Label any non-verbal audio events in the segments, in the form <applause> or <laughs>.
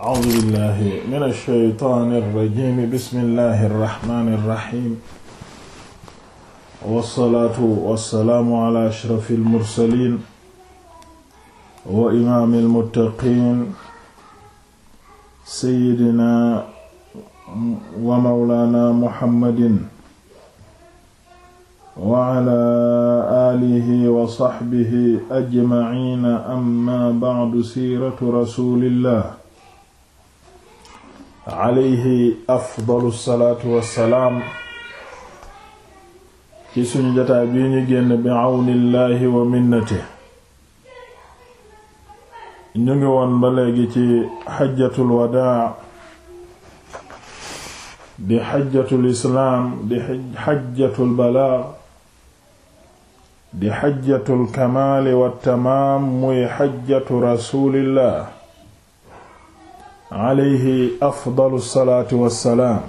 a'uuzu billahi mina shaytaani rajiim bismillahi rahmaani rahiim wassalaatu wassalaamu ala ashrafil mursaliin wa imaamil muttaqiin sayyidinaa wa mawlaanaa muhammadin wa ala aalihi wa sahbihi ajmaciina amma ba'du siiratu rasuulillah alayhi afdalu salaatu wassalaam ci suñu jotaay bii ñu génn bi àwnillaahi wa minnati ñu ngi woon ba léegi ci xajjatul wadaa di xajjatul islaam di xajjatul balaag di xajjatul kamaali wa tamaam muy xajjatu rasuulillah alayhi afdalu salaatu wassalaam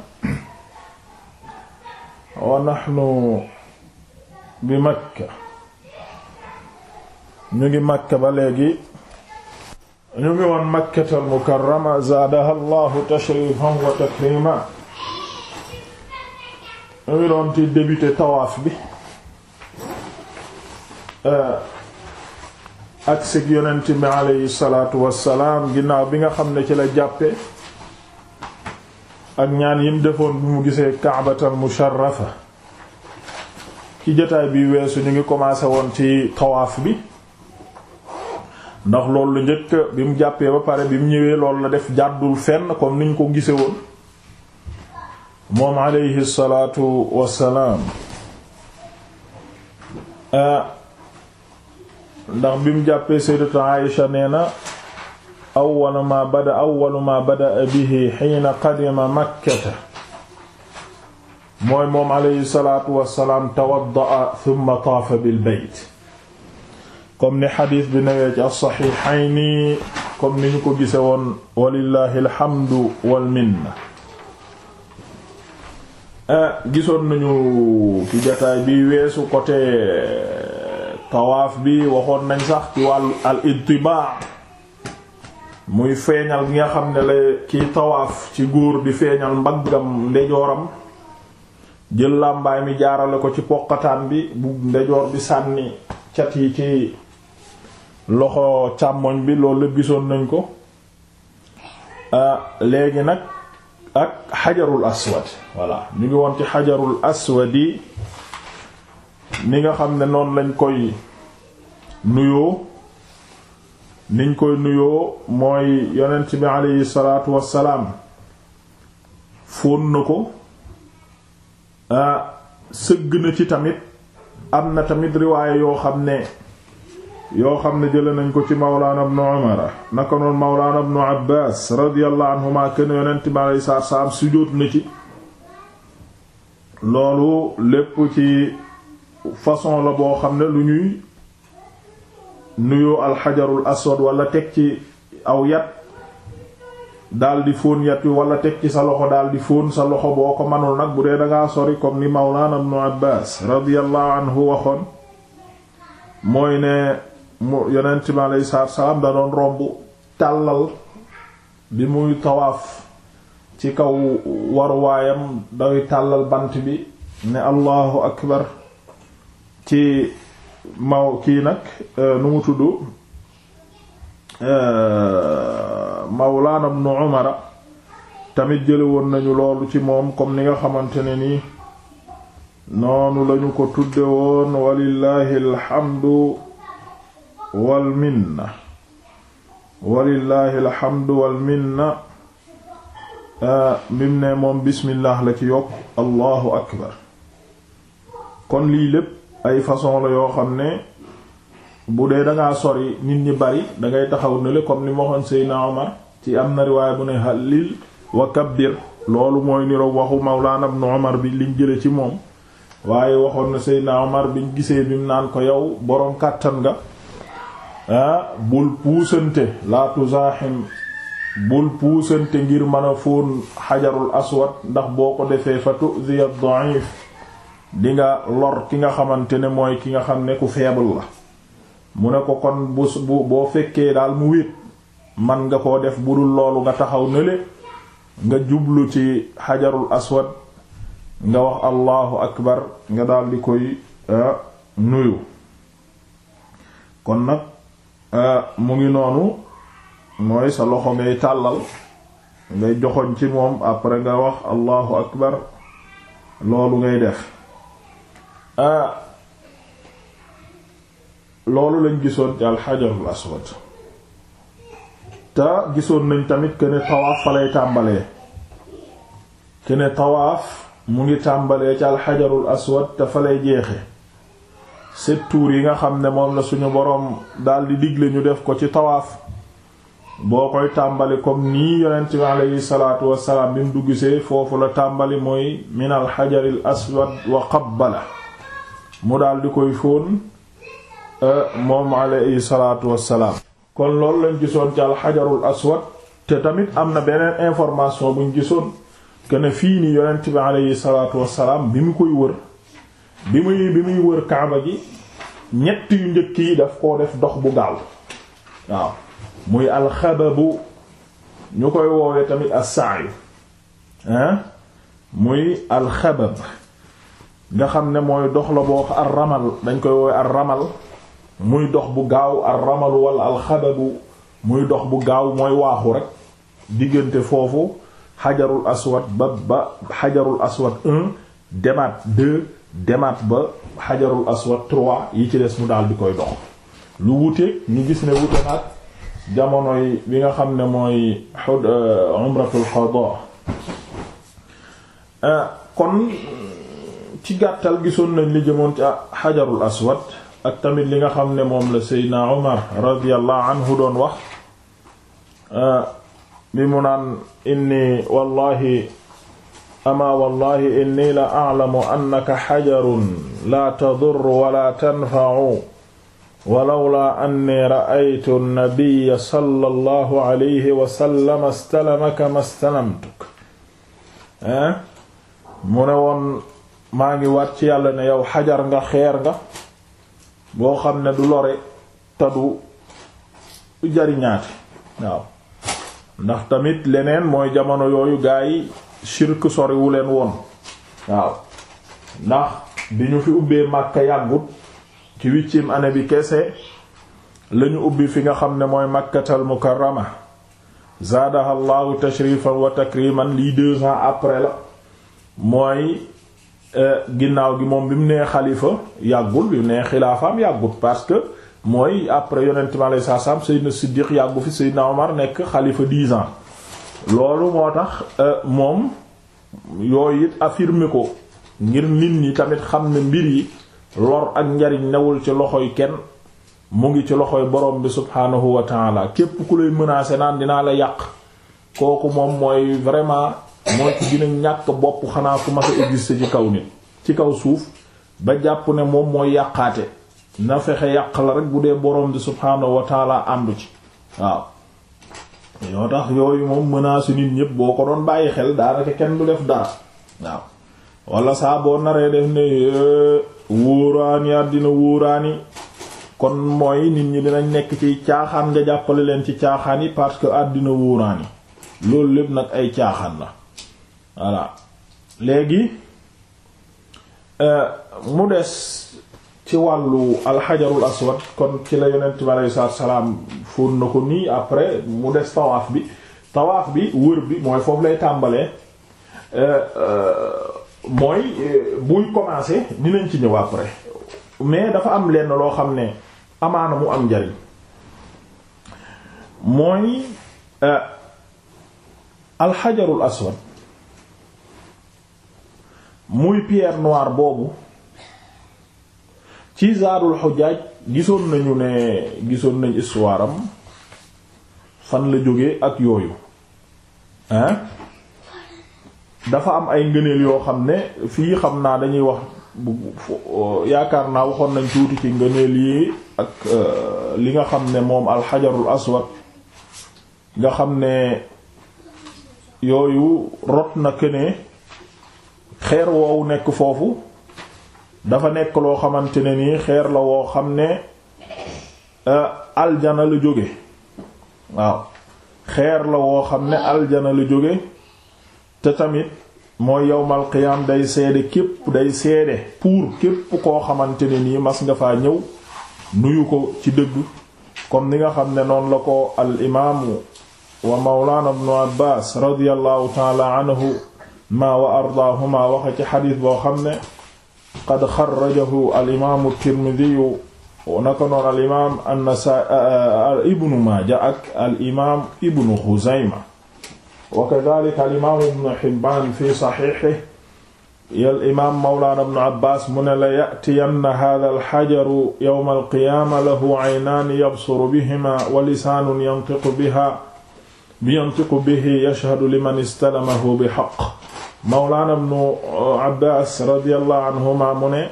wa naxnu bi makka ñu ngi makka ba léegi ñu ngi woon makkatal mukarrama zaadaha allahu tashrifan wa takrima ñu ngi doon ci débuté tawaaf bi ak sëg yonent bi aleyhi salaatu wassalaam ginnaaw bi nga xam ne ci la jàppe ak ñaan yim defoon bi mu gisee kaabatal musharrafa ci jotaay bi weesu ñu ngi commencé woon ci tawaaf bi ndax loolu lu njëkk bi mu jàppee ba pare bi mu ñëwee loolu la def jàddul fenn comme niñ ko gise woon moom aleyhi salaatu wassalaam ah, ndax bi mu jàppee sayyidatu Aïsha nee na awwalu ma bada awwalu ma bada bihi xiina qadima makkata mooy moom alayhi salaatu wassalaam tawaddaa thumma taafa bil bayt comme ni xadiis bi newee ci as-saxiixayni ni ñu ko gise woon walillahi alhamdu wal minna eh, gisoon nañu ci jotaay bi weesu côté tawaaf bi waxoon nañ sax ci wàllu al muy feeñal gi nga xam ne la kiy tawaaf ci góor di feeñal mbaggam ndejooram jël làmbaay mi jaarale ko ci poqataan bi bu ndejoor bi sànni cat yi ci loxo càmmoñ bi loolu la gisoon nañ ko ah, léegi nag ak xajarul aswad voilà ñu ngi woon ci xajarul aswadi ni nga xam ne noonu lañ koy nuyoo niñ koy nuyoo mooy yonent bi aleyhi salaatu wassalaam fóon na ko sëgg na ci tamit am na tamit riwaaye yoo xam ne yoo xam ne jële nañ ko ci mawlaana ibnu umara naka noonu mawlaana ibnu abbaas radiyallahu kenn yonent bi aleyhi salaatu wassalaam sujjóot na ci loolu lépp ci façon la boo xam ne lu ñuy nuyu alxajarul aswad walla teg ci aw yat daldi fóon yat wi wala teg ci sa loxo di fóon sa loxo boo ko manul nag bu dee dangaa sori comme ni mawlaana ibnu abbaas radiyallahu anhu waxoon mooy ne mu yonent bi alayhi salaam da doon romb tàllal bi muy tawaaf ci kaw waruwaayam day tàllal bant bi ne allahu akbar ci maw kii nag euh, nu mu tudd euh, mawlaana ibnu umara tamit jële woon nañu loolu ci moom comme ni nga xamante ne nii noonu lañu ko tudde woon walillahi alhamdu wal minna walillahi alhamdu wal euh, moom bismillah la ci yokk allahu akbar kon lii lépp ay façon la yoo xam ne bu dee dangaa sori nit ñi bari dangay taxaw ne le comme ni waxoon Seydina Omar ci am na riwaay bu ne halil wa kabbir loolu mooy niro waxu Mawlaana Ibn Omar bi liñ jële ci moom waaye waxoon na Seydina Omar biñ gisee bi mu naan ko yow boroom kàttan nga ah bul puusante la tuzahim bul puusante ngir mën a fóon xajarul aswad ndax boo ko defee fa tu'zi ad-da'if dinga lor ki nga xamante ne mooy ki nga xam ne ku feebal la mu ne ko kon bu bu boo fekkee daal mu wéet man nga ko def bu dul loolu nga taxaw nele nga jublu ci xajarul aswad nga wax allahu akbar nga daal di koy eh, nuyu kon nag eh, mu ngi noonu mooy sa loxo ngay tàllal ngay joxoñ ci moom après nga wax allahu akbar loolu ngay def Ah, loolu lañ gisoon ci alxajarul aswad te gisoon nañ tamit kene tawaaf fa lay tàmbalee kene tawaaf mu ngi tàmbalee ci alxajarul aswad te fa lay jeexe sept tours yi nga xam ne moom la suñu boroom daldi digle ñu def ko ci tawaaf boo koy tàmbali comme nii yonent ci aleyhi salaatu wasalaam bi mu duggsee foofu la tàmbali mooy min alxajaril aswad wa bala mu daal di koy fóon e, moom alayhi salaatu wassalaam kon loolu lañ gisoon ci alxajarul aswad te tamit am na beneen information buñ gisoon kene fii ni yonent bi alayhi wassalaam bi mu koy wër bi muy bi muy wër kaaba gi ñett yu njëkk yi daf koo def dox bu gaaw waaw muy alxababu ñu koy woowee tamit as-sa'i muy alxabab nga xam ne mooy dox la boo ar ramal dañ koy woowe ar ramal muy dox bu gaaw ar ramalu wala alxadabu muy dox bu gaaw mooy waaxu rek diggante foofu xajarul aswad ba ba xajarul aswad un ba xajarul aswad trois yi ci des mu daal di koy dox lu wuteeg ñu gis ne wute naat jamonoy bi nga xam ne mooy xud euh, umratul qada euh, kon ci gàttal gisoon nañ li jëmoon ci xajarul aswad ak tamit li nga xam ne moom la seydna omar radiyallahu anhu doon wax ah, bi mu naan inni wallahi ama wallahi inni la a'lamu annaka xajarun la tadur wala tanfa'u walawla anni ra'aytu an-nabiyya sallallahu alayhi wa sallam astalamaka ma stalamtuk ah, mu ne woon maa ngi waat ci yàlla na yow xajar nga xeer nga boo xam ne du lore tadu jariñaati waaw ndax tamit leneen mooy jamono yooyu gaa yi shirk soriwu leen woon waaw ndax bi ñu fi ubbee Makka yàggut ci huitième année bi kese lañu ubbi fi nga xam ne mooy Makkatal Mukarrama zaadaha Allahu tashrifan wa takriman lii deux ans après la mooy Euh, ginnaaw gi moom bi mu nee xalifa yàggul bi mu nee xilaafaam yàggul parce que mooy après yonent mi alayhi salaam Seydina Siddiq yàggu fi Seydina Omar nekk xalifa dix ans loolu moo tax euh, moom yooy it affirmer ko ngir nit ñi tamit xam ne mbir yi lor ak njariñ newul ci loxoy kenn mu ngi ci loxoy borom bi subhaanahu wa taala képp ku lay menacer naan dinaa la yàq kooku moom mooy vraiment mooy ku gën ñàkk bopp xanaa ku mas a exister ci kaw nit ci kaw suuf ba jàpp ne moom mooy yàqaate na fexe yàq la rek bu dee boroom di subhaanahu wa taala àndu ci waaw yoo tax yooyu moom menace nit ñépp boo ko doon bàyyi xel daanaka kenn du def dara waaw wala saa naree def ne wóoraani àddina wóoraani kon mooy nit ñi dinañ nekk ci caaxaan nga jàppale leen ci caaxaan yi parce que àddina wóoraani loolu lépp nag ay caaxaan la voilà léegi euh, mu des ci wàllu alxajarul aswad kon ci la yonent bi aleyhi salaatu salaam fóon na ko nii après mu des tawaaf bi tawaaf bi wër bi mooy foofu lay tàmbalee euh, euh, mooy buy commencer dinañ ci ñëw après mais dafa am lenn loo xam ne amaana mu am njariñ mooy alxajarul aswad muy pierre noire boobu ci zaadul xujjaaj gisoon nañu ne gisoon nañ histoire fan la jóge ak yooyu hein dafa am ay ngëneel yoo xam ne fii xam naa dañuy wax bu yaakaar naa waxoon nañ tuuti ci ngëneel yi ak euh, li nga xam ne moom alxajarul aswad nga xam ne yooyu rot na këne xeer woowu nekk foofu dafa nekk loo xamante ne nii xeer la woo xam ne euh, aljana la jóge waaw xeer la woo xam ne aljana la jóge te tamit mooy yowmal qiyaam day seede képp day seede pour képp koo xamante ne nii mas nga faa ñëw nuyu ko ci dëgg kon ni nga xam ne noonu la ko al imaamu wa mawlaana ibnu abbaas radiyallahu taala anhu ma wa ardaahuma waxe ci xadis boo xam ne qad xarrajahu al imaamu tirmidiyu naka noonu al imaam annasa euh, ibnu maaja ak al imaam ibnu xuzayma wa kadalika al imaam ibnu xibbaan fi saxiixi yal imaam mawlaana ibnu abbaas mu ne la ya'tiyanna haadha al xajaru yawma al qiyaama lahu aynaani yabsuru bihimaa wa lisaanun yantiqu bihaa yantiqu bihi yashhadu liman istalamahu bi haqq mawlaana ibnu uh, Abbaas radiyallahu anhuma mu ne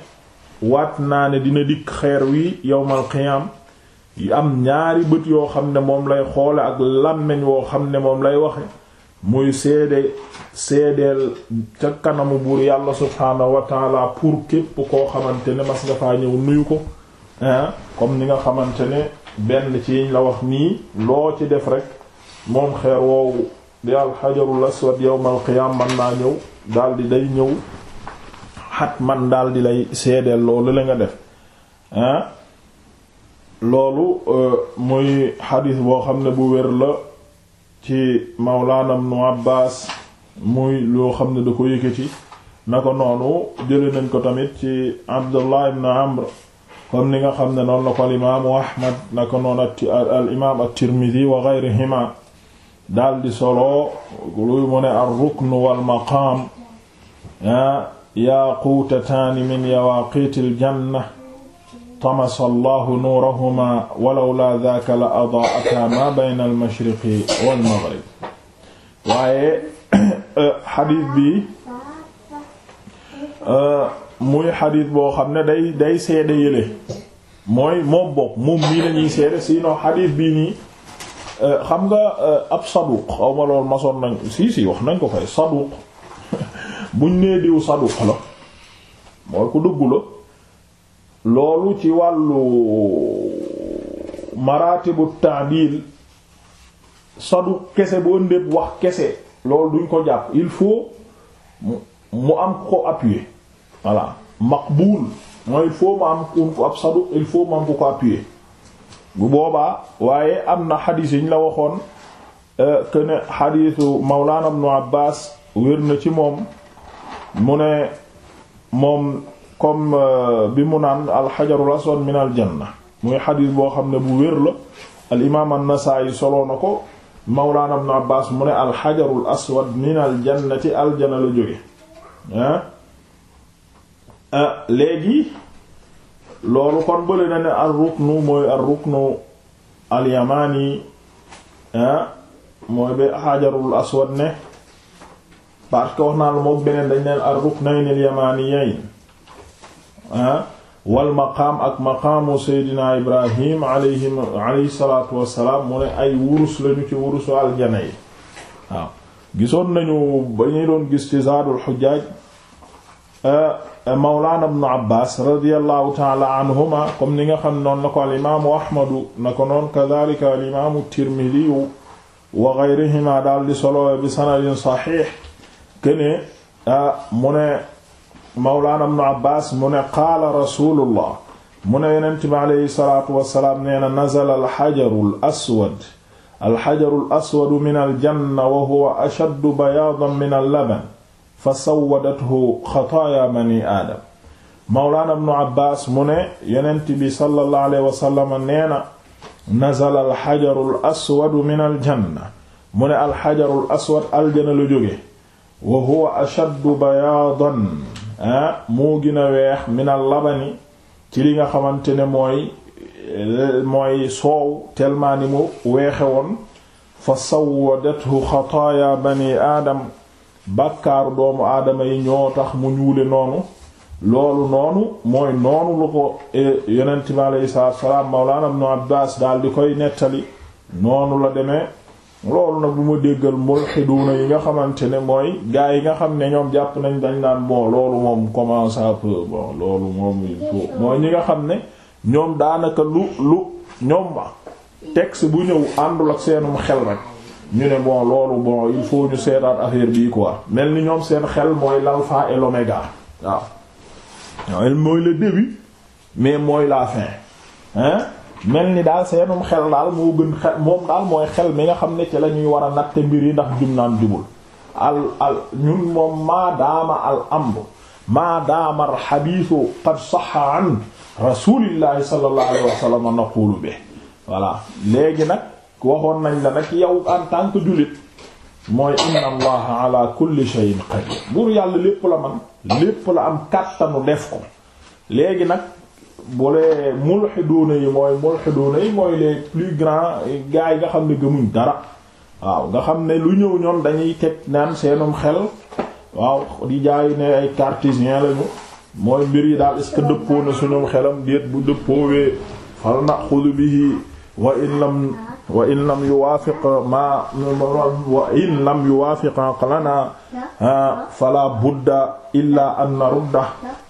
waat naa ne dina dikk xeer wi yowmal qiyaam yi am ñaari bët yoo xam ne moom lay xoole ak làmmiñ woo xam ne moom lay waxe muy seede seedeel ca kanamu buur yàlla subhaanahu wa taala pour képp koo xamante ne mas nga faa ñëw nuyu ko ah comme ni nga xamante ne benn ci yiñ la wax nii loo ci def rek moom xeer woowu di alxajarul aswad yawmal qiyaam man naa ñëw daldi day ñëw xat man di lay seedeel loolu la nga def hein ah? loolu euh, muy xadiis boo xam ne bu wér la ci mawlaana ibnu Abbaas muy loo xam ne du ko yëkkati na ko noonu jële nañ ko tamit ci Abdullah ibn Amr comme ni nga xam ne noonu la ko al imaamu Ahmad na ko noonu al imaam at-Tirmidhi wa ghayrihima daldi solo luy mu ne ar-ruknu wal maqaam yaaquutataani min yawaaqiitil janna tamasa allahu nuurahuma walawlaa daaka la adaa'ataa maa bayna al wal maghrib waaye <coughs> eh, xadiis bi eh, muy xadiis boo xam ne day day seede yële mooy moom bopp moom mii lañuy seede sinon Euh, xam nga euh, ab saduq xaw ma loolu masoon nañ si si wax nañ ko fay saduq <laughs> buñ nee diw saduq la mooy ko dëggu la loolu ci wàllu maratibu ta'dil saduq kese bu ëndéeb wax kese loolu duñ ko jàpp il faut mu am ko appuyer voilà maqbul mooy il faut mu am ku ab saduq il faut mu am ku ko appuyer bu boobaa waaye am na xadiis yi ñu la waxoon euh, que ne xadiisu Mawlana Ibnu Abbaas wér na ci moom mu ne moom comme euh, bi mu naan alxajarul aswad min al janna muy xadiis boo xam ne bu wér la al imaam an-Nasaa'i soloo na ko Mawlana Ibnu Abbaas mu ne alxajarul aswad min al ci aljana la jóge ah léegi loolu kon bële na ne ar ruknu mooy ar ruknu al yamani ah, mooy ba xajarul aswad ne parce que wax naa la mook beneen dañ neen ar ruknayn al yamaniyayn ah, wal maqaam ak maqaamu seydina ibrahim mu ne ay wurus lañu ci wurusu aljana yi waaw gisoon nañu ba ñuy doon gis ci zaadul xujjaaj Euh, euh, mawlaana ibnu abbaas radiallahu taala anhuma comme ni nga xam noonu na ko alimaamu ahmadu na ko noon kadalika alimaamu tirmidiyu wa geyrihima daal di solowee bi sanadin saxiix kene euh, mu ne mawlaana ibnu abbaas mu ne qaala rasulullah mu ne yonent bi aleyhi salaatu wasalaam nee na nazala alxajaru l aswad alxajaru l aswadu min aljanna wa huwa ashaddu bayaadan min al laban fa sawwadathu xataaya bani aadam mawlaana ibnu abbaas mu ne yonent bi sallallahu alayhi wasallam nee na nazala alxajaru al aswadu min aljanna mu ne alxajaru l aswad aljana la jóge wa huwa ashaddu bayaadan ah moo gën a weex min al labani ci li nga xamante ne mooy mooy soow tellement ni mu weexe woon fa sawwadathu xataaya bani aadam bàkkaaru doomu aadama yi ñoo tax mu ñuule noonu loolu noonu mooy noonu lu ko e, yonent bi aleyhi salaatu salaam mawlaana ibnu Abbaas daal di koy nettali noonu la demee loolu nag bu ma déggal mulxiduuna yi nga xamante ne mooy gaa yi nga xam ne ñoom jàpp nañ dañ naan bon loolu ñi nga xam ne ñoom daanaka lu lu ñoom ma texte bu ñëw àndul ak seenum xel rek ñu ne bon loolu bon il ñu seetaat affaire bii quoi mel ni ñoom seen xel mooy l'alpha et l'oméga waaw ñooy mooy le début mais mooy la fin mel ni daal seenum xel laal moo gën xel moom daal mooy xel mi nga xam ne ci la ñuy war a natte mbir yi ndax jum naan jubul al al ñun moom maadaama al amr maadaama al xadiisu qad saxa an rasulillahi sallallahu naqulu bi voilà léegi nag waxoon nañ la nag yow en tant que jullit mooy inna allaha ala kulli shay'in qadir buur yàlla lépp la man lépp la am kàttanu def ko léegi nag bu lee mulxiduuna yi mooy mulxiduuna yi mooy les plus grands gars yi nga xam ne gëmuñ dara waaw nga xam ne lu ñëw ñoom dañuy teg naan seenum xel waaw di jaay ne ay cartésien lañu mooy mbir yi daal est-ce que dëppoo na suñum xelam déet bu dëppoowee fal bi bihi wa in wa in lam yuwaafiq ma wa in lam yuwaafiq aqlana fala budda illa an narudda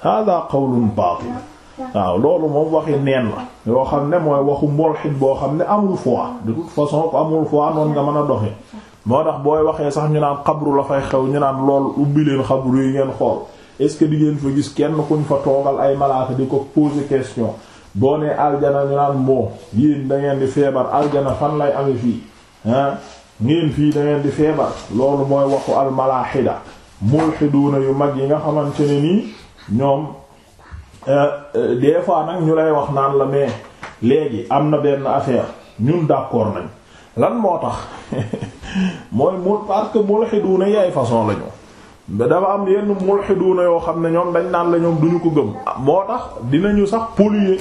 hada qawlun baatil waaw loolu moom waxi neen la yoo xam ne mooy waxu mbolxit boo xam ne amul foi de toute façon ko amul foi noonu nga mën a doxe moo tax booy waxee sax ñu naan xabru la fay xew ñu naan lool ubbi leen xabru yi ngeen xool est-ce di ngeen fa gis kenn kuñ fa toogal ay malaaka di ko poser question boo nee aljana ñu naan moo yéen da di feebar aljana fan lay ame fii ah ngeen fii da ngeen di feebar loolu mooy waxu almalaaxida mulxiduuna yu mag yi nga xamante ne nii ñoom euh, euh, des fois nag ñu lay wax naan la mais léegi am na benn affaire ñun d'accord nañ lan moo tax <laughs> mooy mu parce que mulxiduuna yaay façon lañu dafa am yenn na yoo xam ne ñoom dañ naan la ñoom duñu ko gëm ah, moo tax dinañu sax polluer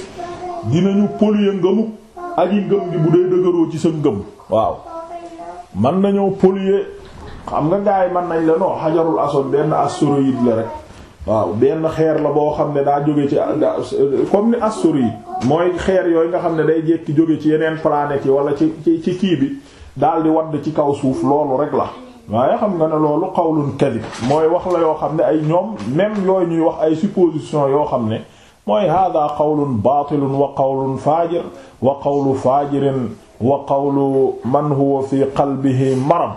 dinañu polluer ngëmu aji ngëm gi bu dee dëgëroo ci sa ngëm waaw man nañoo polluer xam nga gaay man nañ la non xajarul aswad benn astéroïde la rek waaw benn xeer la boo xam ne daa jóge ci comme ni astéroïde mooy xeer yooyu nga xam ne day jekki jóge ci yeneen planètes yi wala ci ci kii bi daal di wadd ci kaw suuf loolu rek la waaye xam nga ne loolu qawlun kadib mooy wax la yoo xam ne ay ñoom même yooyu ñuy wax ay supposition yoo xam ne mooy hada qawlun baatilun wa qawlun faajir wa qawlu faajirin wa qawlu man huwa fi qalbihi marad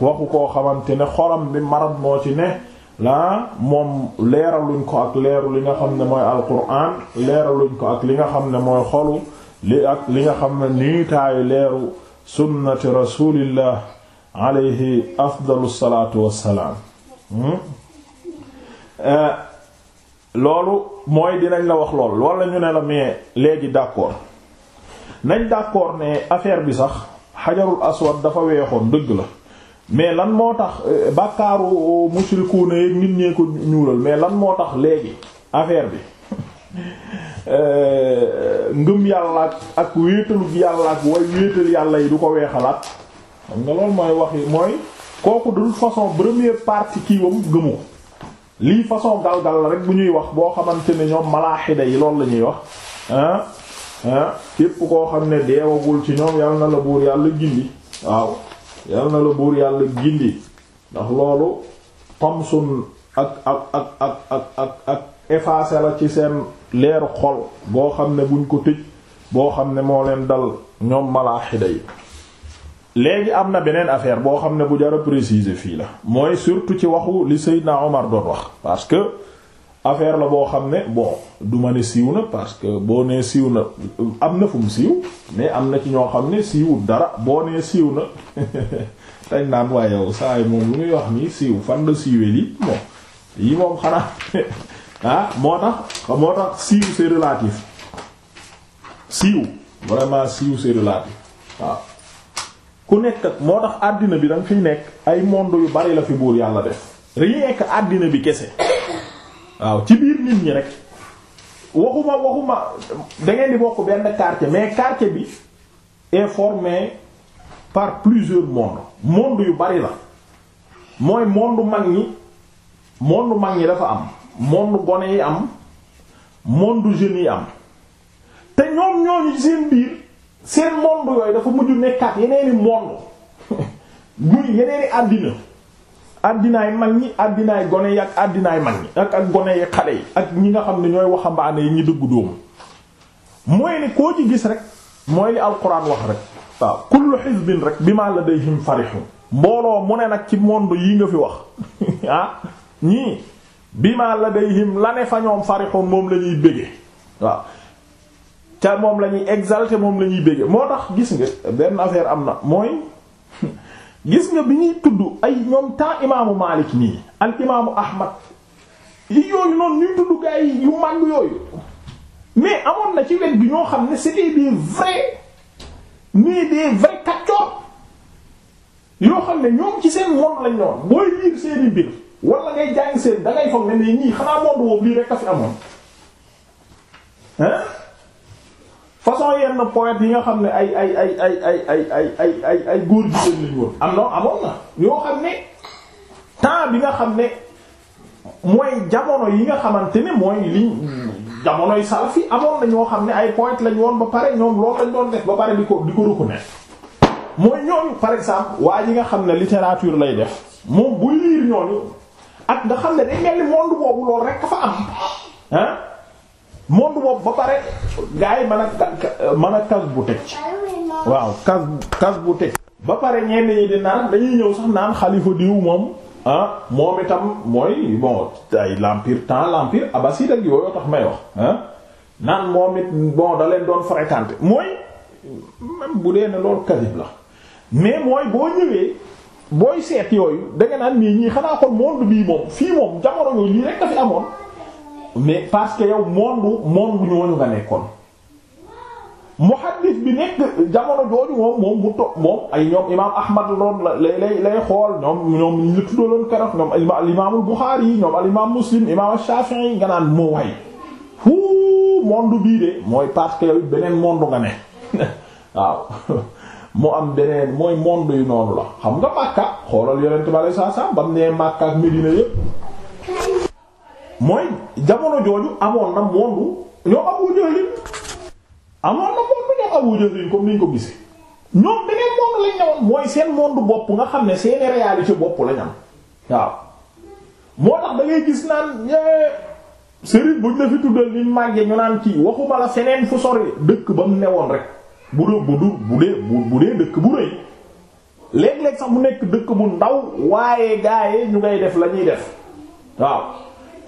waxu koo xamante ne xolam bi marad moo ci ne la moom leeraluñ ko ak leeru li nga xam ne mooy alquran leeraluñ ko ak li nga xam ne mooy xolu li ak li nga xam ne niitaayu leeru sunnati rasulillah alayhi afdalu salaatu wassalaam hmm? eh, loolu mooy dinañ la wax lool loolu ñu ne la mais léegi d'accord nañ d'accord ne affaire bi sax xajarul aswad dafa weexoon dëgg la mais lan moo tax eh, bàkkaaru mushrikuuna yëg nit ñee ko ñuulal mais lan moo tax léegi affaire bi <laughs> eh, ngëm yàlla ak wéetalu yàlla ak way wéetal yàlla yi du ko weexalaat xam nga loolu mooy wax yi mooy kooku dul façon première partie kii gëmu lii façon galgal la rek bu ñuy wax boo xamante ne ñoom malaaxida yi loolu la ñuy wax ah ah koo xam ne deewagul ci ñoom yal na la buur yàlla gindi waaw na la buur yàlla gindi ndax loolu tamsun ak ak ak ak ak ak ak effacé la ci seen leeru xol boo xam ne buñ ko tëj boo xam ne moo leen dal ñoom malaaxida yi léegi am na beneen affaire boo xam ne bu jar a préciser fii la mooy surtout ci waxu li Seydina Omar doon wax parce que affaire la boo xam ne bon du ma ne siiw na parce que boo nee siiw na am na fu mu siiw mais am na ci ñoo xam ne siiwul dara boo nee siiw na <laughs> dañ naan waaye yow saa yi moom lu muy wax nii siiw fan la siiwee lii bon yi moom xanaa <laughs> ah, moo tax moo tax siiw c'est relatif siiw vraiment siiw c'est relatif waaw. ku nekk ak moo tax àddina bi danga fiy nekk ay monde yu bari la fi buur yàlla def rien que àddina bi kese waaw ci biir nit ñi rek waxuma waxuma da di bokk benn quartier mais quartier bi est formé par plusieurs mondes monde yu bari la mooy monde mag ñi monde mag ñi dafa am monde gone yi am monde jeunes yi am te ñoom ñooñu seen biir seen monde yooyu dafa mujj nekkaat yeneeni monde <laughs> muy yeneeni àddina àddinaay mag ñi àddinaay gone yi ak àddinaay mag ñi ak ak gone yi xale yi ak ñi nga xam ne ñooy waxambaane yi ñu dugg dóomu mooy ni koo ci gis rek mooy li alquran wax rek waaw kullu hizbin rek bima ladayhim farihun mbooloo mu ne nag ci monde yi nga fi wax <laughs> ah, ñii bima ladayhim la ne fa ñoom farihun moom la ñuy bëgge waaw ca moom la ñuy exalté moom la ñuy béggee moo tax gis nga benn affaire am na mooy <laughs> gis nga bi ñuy tudd ay ñoom temps imaamu Maalik nii al imaamu Ahmad yi yooyu noonu ñuy tudd gaa yi yu màgg yooyu mais amoon na ci wet gi ñoo xam ne c'était des vrais mais des vrais kaccoor yoo xam ne ñoom ci seen monde lañ ñoon booy liir seeni mbir wala ngay jàng seen da ngay foog ne ne ñii xanaa monde boobu lii rek a fi amoon façon yenn poète yi nga xam ne ay ay ay ay ay ay ay ay ay ay góor jigéen lañu woon am na amoon na yoo xam ne temps bi nga xam ne mooy jamono yi nga xamante ne mooy liñ jamonoy salafi amoon na ñoo xam ne ay poète lañ woon ba pare ñoom loolu lañ doon def ba pare di ko di ko reconnaître mooy ñooñu par exemple waa ji nga xam ne littérature lay def moom buy liir ñooñu ak nga xam ne day mel ni monde boobu loolu rek ka fa am ah monde ba pare gars yi mën a mën a kas bu teg waaw kas kas bu teg ba pare ñenn ñi di naan dañuy ñëw sax naan xalifa diw moom ah moom itam mooy bon ay l'empire temps l'empire abbasside ak yooyu tax may wax ah naan moom it bon da doon fréquenter mooy bu dee ne loolu kasib la mais mooy boo ñëwee booy seet yooyu da naan nii ñii xanaa kon monde bii moom fii moom jamono yooyu lii rek a fi amoon. mais parce que yow monde monde ñooñu nga nekkoon muhaddis bi nekk jamono jooju moom moom bu toog moom ay ñoom imaam Ahmad loon lay lay lay xool ñoom ñoom ñu tuddaloon keroog ñoom al imaamul Buxaari yi ñoom al imaam Muslim imaam Shaafi'i nga naan moo way fu monde bii de mooy parce que yow beneen monde nga ne <laughs> waaw <laughs> mu am beneen mooy monde yu noonu la xam nga Makka xoolal Yonent bi sallallahu alayhi wasallam ba mu Makka ak Medina yépp mooy jamono jooju amoon na monde ñoom Abu Jahl amoon na monde ñoom Abu Jahl comme niñ ko gisee ñoom beneen monde lañ ñëwoon mooy seen monde bopp nga xam ne seeni réalité bopp lañ waaw moo tax da ngay gis naan Serigne bu la fi tuddal ni màggee ñu naan ci waxuma la seneen fu sori dëkk ba mu ne woon rek bu dee bu dee bu dee dëkk bu rëy léeg-léeg sax mu nekk dëkk bu ndaw waaye gaayee ñu ngay def la ñuy def waaw.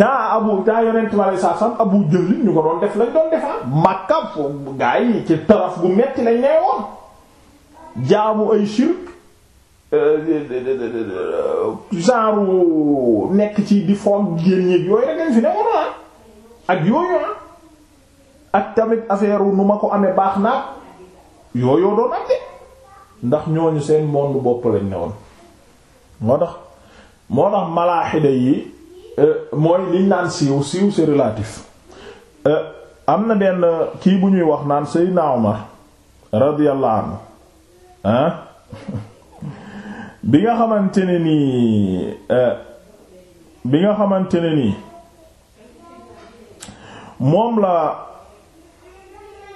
temps abu temps yonent ma lay saa sam abu jëlin ñu ko doon def lañ doon defaa makka foofu gaa yi ci taraf gu metti lañ nee woon jaamu ay shirk euh, genre nekk ci di foog génn ñéeg yooyu rek fi ne woon ah. ak yooyu ah. ak tamit affaire nu ma ko amee baax naag yooyu doon am de ndax ñooñu seen monde bopp lañ ne woon moo tax moo tax malaaxida yi Euh, mooy liñ naan siiw siiw c'est relatif euh, am na benn kii bu ñuy wax naan Seydina Omar radiyallahu anhu ah <laughs> bi nga xamante ne nii euh, bi nga xamante ne nii moom la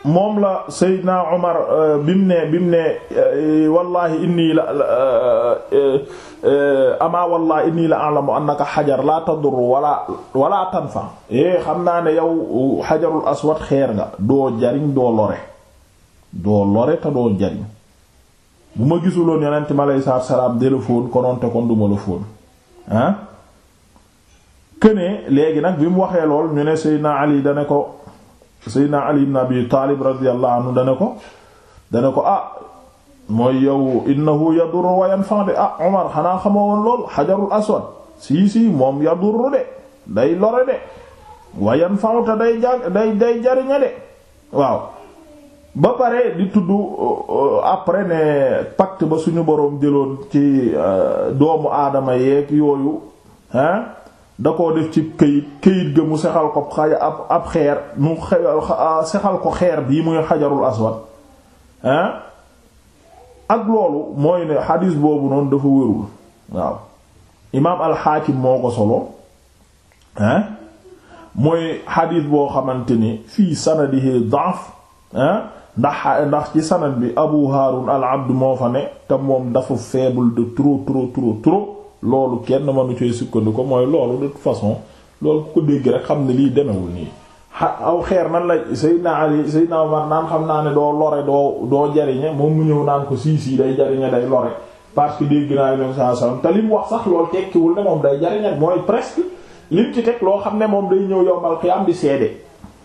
moom la Seydina Omar euh, bim ne bim ne euh, wallahi inni la euh, ama wallahi inni la a'lamu annaka xajar la tadur wala wala tanfa eh xam naa ne yow xajarul aswad xeer nga doo jariñ doo lore doo lore te doo jariñ bu ma gisuloon yonent mi aleyhi salaam de la fóon kononte kon duma la fóon ah këne léegi nag bi mu waxee lool ñu ne Seydina Ali dane ko Seydina Ali ibn Abi Taalib radiyallahu anhu dana ko dana ko ah mooy yow innahu yadurru wa yanfa de ah Omar xanaa xamoo woon lool xajarul aswad sii sii moom yadurru de day lore de wa yanfa day jariña de waaw ba pare di tudd uh, uh, après ne pacte ba suñu boroom jëloon ci uh, doomu aadama yeeg yooyu hein da koo def ci këyit këyit gi mu sexal ko xaja ab xeer mu sexal ko xeer bii muy xajarul aswad ak loolu mooy ne xadiis boobu noonu dafa wérul waaw imaam alxaakim moo ko solo hein mooy xadiis boo xamante ni fii sanadihi daaf ndax ndax ci sanad bi abu haarun al abd moo fa ne te moom dafa faible de trop trop trop loolu kenn mënu cee sukkandiku mooy loolu de toute façon loolu ku ko dégg rek xam ne lii demewul nii aw xeer nan la Seydina Ali Seydina Omar naan xam naa ne doo lore doo doo jariñe moom mu ñëw naan ko sii sii day jariñe day lore parce que dégg naa Yonent sallallahu alayhi wasallam te lim wax sax loolu tekkiwul ne moom day jariñe mooy presque lim ci teg loo xam ne moom day ñëw yombal am di seede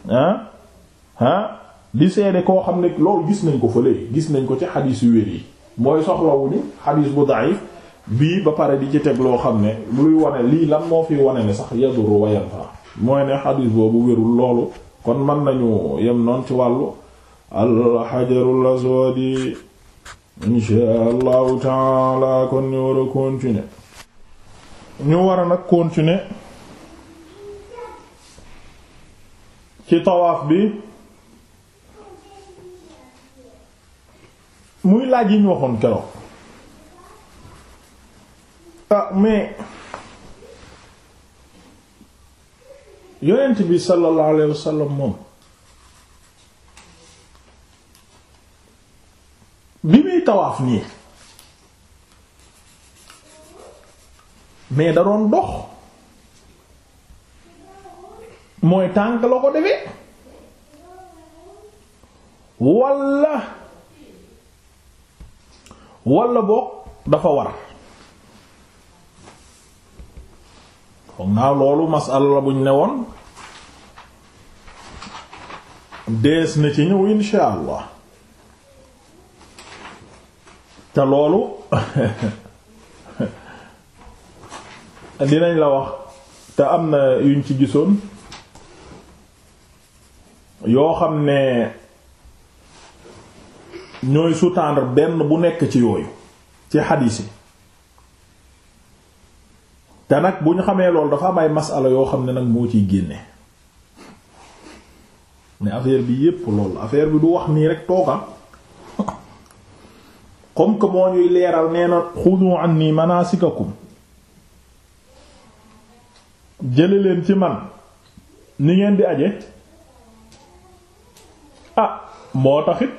ah ah di seede koo xam ne loolu gis nañ ko fële gis nañ ko ci xadiis yu yi mooy soxlawu ni xadiis bu bii ba pare di ci teg loo xam ne luy wone lii lan moo fi wane ne sax yaduru wa yanfa mooy ne xadiis boobu wérul loolu kon mën nañu yem noon ci wàllu alxajarul aswadi insha allahu taala kon ñu war a continuer ñu war a nag continuer ci tawaaf bi muy laaj yi waxoon keroog ah mais yonent bi sallallahu alayhi wasallam moom bi muy tawaaf nii mais da doon dox mooy tànk la ko defe walla walla boog dafa war foog naa loolu masala la buñ ne woon dees na ci ñëw insha allah te loolu <laughs> dinañ la wax te am na yuñ ci gisoon yoo xam ne ñooy sous benn bu nekk ci yooyu ci xadiis te nag bu ñu xamee loolu dafa am ay masala yoo xam ne nag moo ciy génne mais affaire bi yépp loolu affaire bi du wax nii rek tooga comme que moo ñuy leeral nee na xudu anni manasikakum jële leen ci man ni ngeen di aje ah moo taxit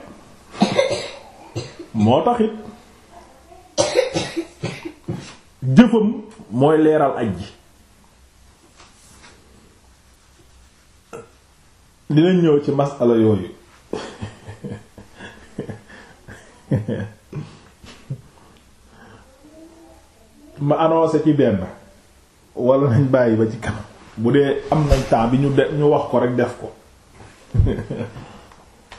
moo taxit jëfam mooy leeral aj ji dinañ ñëw ci masala yooyu ma annoncé ci benn wala nañ bàyyi ba ci kanam bu dee am nañ temps bi ñu de ñu wax ko rek def ko <laughs>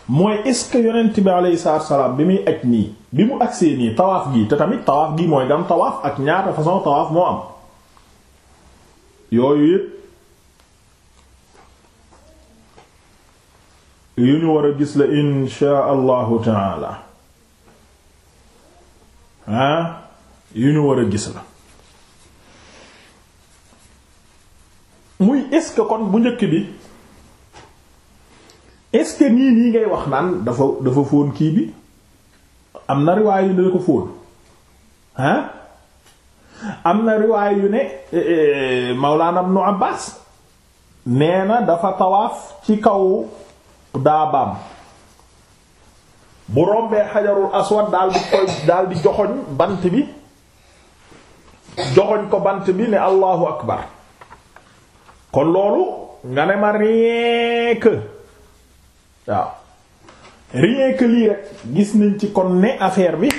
mooy est-ce que yonent bi salaam bi muy aj nii bi mu agsee nii tawaaf gi te tamit tawaaf gi mooy gam tawaaf ak ñaata façon tawaaf moo am yooyu yëpp yu ñu war a gis la inshaa war a gis muy est-ce que kon bu njëkk bi est-ce que nii nii ngay wax naan dafa dafa fóon kii bi am na riwaay yu ne ko fóon ah am ne eh, eh, nee na dafa tawaaf ci kaw daabaam bu rombee xajarul aswad daal di koy daal di joxoñ bant bi joxoñ ko bant bi ne allahu akbar kon loolu nga ne ma rien waaw rien que gis nañ ci kon ne affaire bi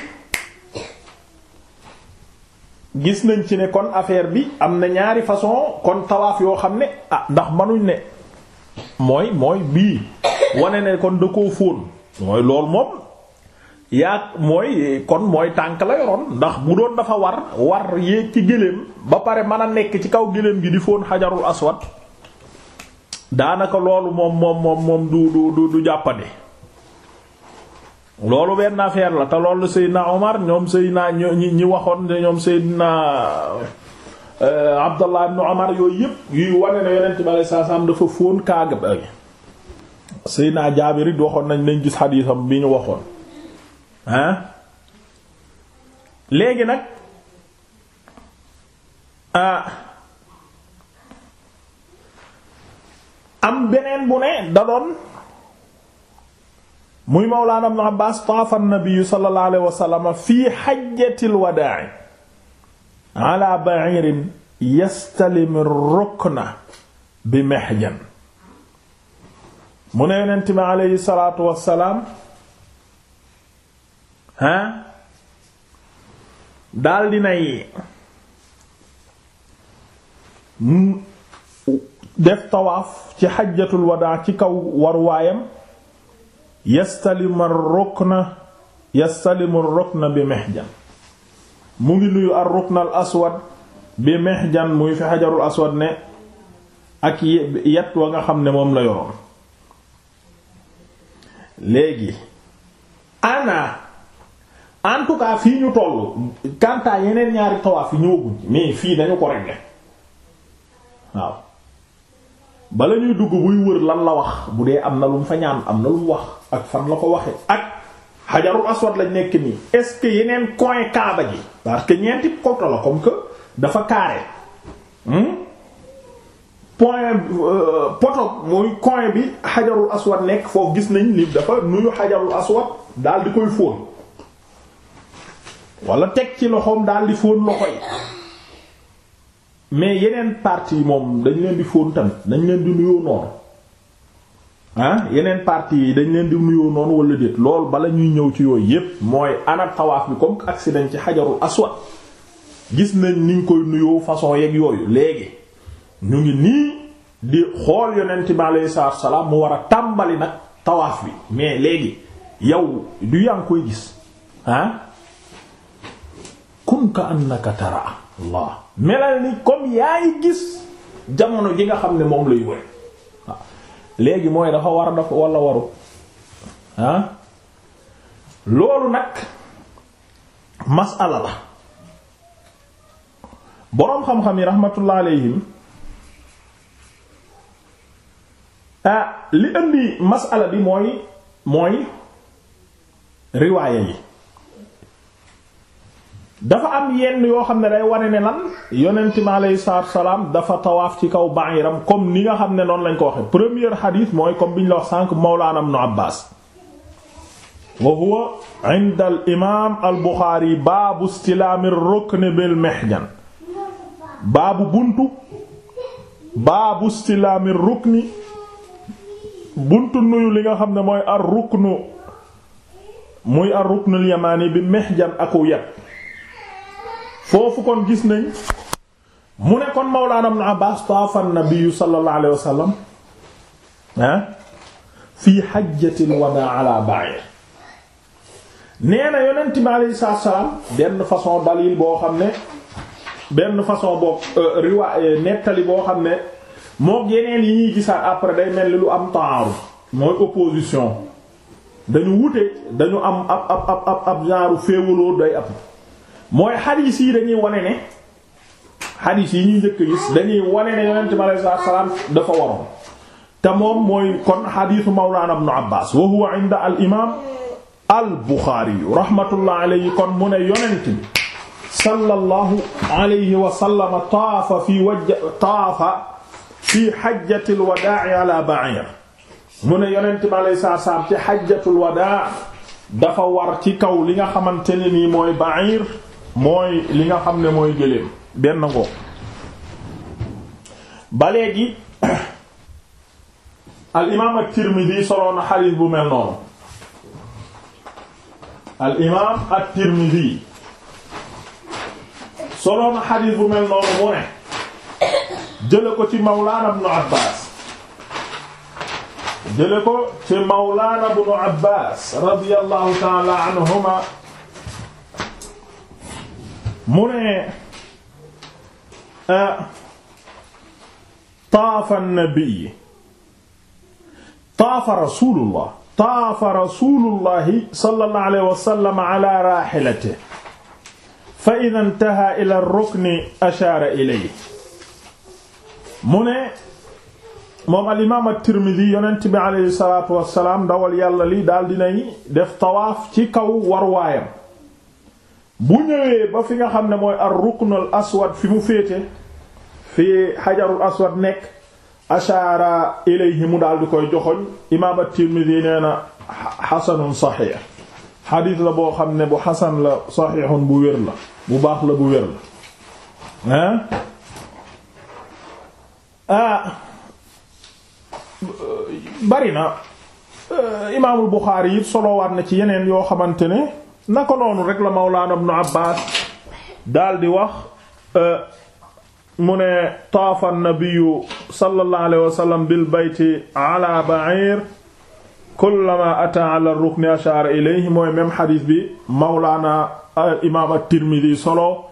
gis nañ ci ne kon affaire bi am na ñaari façon kon tawaaf yoo xam ne ah ndax manuñ ne mooy mooy bii wane ne kon da koo fóon mooy loolu moom yaa mooy kon mooy tànk la yoroon ndax bu doon dafa war war yéeg ci gëléem ba pare mën a nekk ci kaw gëléem gi di fóon xajarul aswad daanaka loolu moom moom moom du du du jàppandi loolu benn affaire la te loolu Seydina Omar ñoom Seydina ñi ñi waxoon ñoom Seydina euh, Abdallah ibn Omar yooyu yëpp yuy wane ne yonent bi aleyhi salaam dafa fóon kaaga ba Seydina Jaabir it waxoon nañ nañ gis xadiisam bi ñu waxoon léegi nag ah, am beneen bu ne da doon muy mawlaana ibn Abbaas taafa an-nabi sallallahu alayhi wa sallam fi hajjatil wadaa ala ba'irin yastalimi ar-rukna bi mihjan mu ne yonent mi alayhi salaatu wassalaam ha daal dinay def tawaaf ci xajjatul wadaa ci kaw waruwaayam yastalima rukna yastalimu rukna bi mihjan mu ngi luyu ar rukna al aswad bi mihjan muy fi xajarul aswad ne ak yet wa nga xam ne moom la yoroon léegi ana en tout cas fii ñu toll quant à yeneen ñaari tawaaf yi ñëwaguñ mais fii dañu ko régler waaw bala ñuy dugg buy wër lan la wax bu dee am na lu mu fa ñaan am na lu mu wax ak fan la ko waxee ak xajarul aswad lañ nekk nii est-ce yeneen coin kaaba ji parce que ñeenti poto la comme que dafa carré hmm? point euh, poto mooy coin bi xajarul aswad nekk foo gis nañ ni dafa nuyu xajarul aswad dal di koy fóon wala teg ci loxoom daal di fóon loxo yi mais yeneen parti yi moom dañ leen di fóon tamit dañ leen di nuyoo noonu ah yeneen parti yi dañ leen di nuyoo noonu wala déet loolu bala ñuy ñëw ci yooyu yépp mooy ana tawaaf bi comme accident ci xajarul aswad gis nañ niñ koy nuyoo façon yeeg yooyu léegi ñu ngi nii di xool yonent bi aleyhi salaam mu war a tàmbali nag tawaaf bi mais léegi yow du yaa ngi koy gis ah kun ka annaka tara Allah melal ni comme yaay gis jamono ji nga xam ne moom lay wër léegi mooy dafa war dafa walla waru ah loolu nag masala la boroom xam-xam yi rahmatullah alayhim ah li indi masala bi mooy mooy riwaaya yi dafa am yenn yoo xam ne day wane ne lan yonent mi aleyhi salaatu salaam dafa tawaaf ci kaw ba'iram comme ni nga xam ne noonu lañ ko waxe premier hadith mooy comme bi ñu la wax sànq Mawlaana Ibn Abbaas wa huwa inda al imaam al Buxaari baabu istilaami rukni bil mihjan baabu buntu baabu istilaami rukni buntu nuyu li nga xam ne mooy ar ruknu muy ar ruknul yamaani bi mihjan aku yat foofu kon gis nañ mu ne kon Mawlaana Ibn Abbaas taafa an-nabiyyu sallallahu alayhi ah, fii hajjatil wadaa ala ba'ir nee bi alayhi salaatu benn façon dalil boo xam ne benn façon boo euh, riwaay euh, nettali boo xam ne moo yeneen yi ñuy gisaat après day mel ni lu am taaru mooy opposition dañu wute dañu am ab ab ab ab genre féewaloo day ab. mooy xadiis sii dañuy wane ne xadiis yi ñuy njëkk gis dañuy wane ne yonent bi alayhi salaam dafa waroon te moom mooy kon xadiisu mawlaana ibnu Abbaas wa huwa inda al kon mu ne yonent wa sallam taafa fi wajj taafa fi xajjatil wadaa ala ba'iir ci kaw li nga xamante nii mooy mooy li nga xam ne mooy gëléem benn ngoo ba léegi <coughs> al imaam na xadiis bu mel noonu al imaam at na xadiis bu mel noonu mu ne jële ko ci mawlaana ibnu Abbaas jële ko ta'ala anhuma mu ne ah, taafa nabii taafa rasulullah taafa rasulullahi sallallahu alayhi wa sallam ala raahilatihi fa idaa intahaa ila rukni ashaara ilayhi mu ne moom alimaam at-Tirmidi yonent bi alayhi salaatu wa salaam dawal yàlla li daal dinay def tawaaf ci kaw war waayam bu ñëwee ba fi nga xam ne mooy ar ruknul aswad fi mu féete fi xajarul aswad nekk ashaara ilayhi mu daal di koy joxoñ imaam at-Tirmidhi nee na xasanun saxiix xadiis la boo xam ne bu xasan la saxiixun bu wér la bu baax la bu wér la ah bari na imaamul Buxaari it solowaat na ci yeneen yoo xamante ne na ko noonu rek la Mawlaana Ibnu Abbaas daal di wax euh, mu ne taafa an-nabiyyu sallallahu alayhi wa sallam bil bayti ala ba'ir kullama ata ala rukni ashara ilayhi mooy même xadis bi Mawlaana euh, imaam at-Tirmidhi solo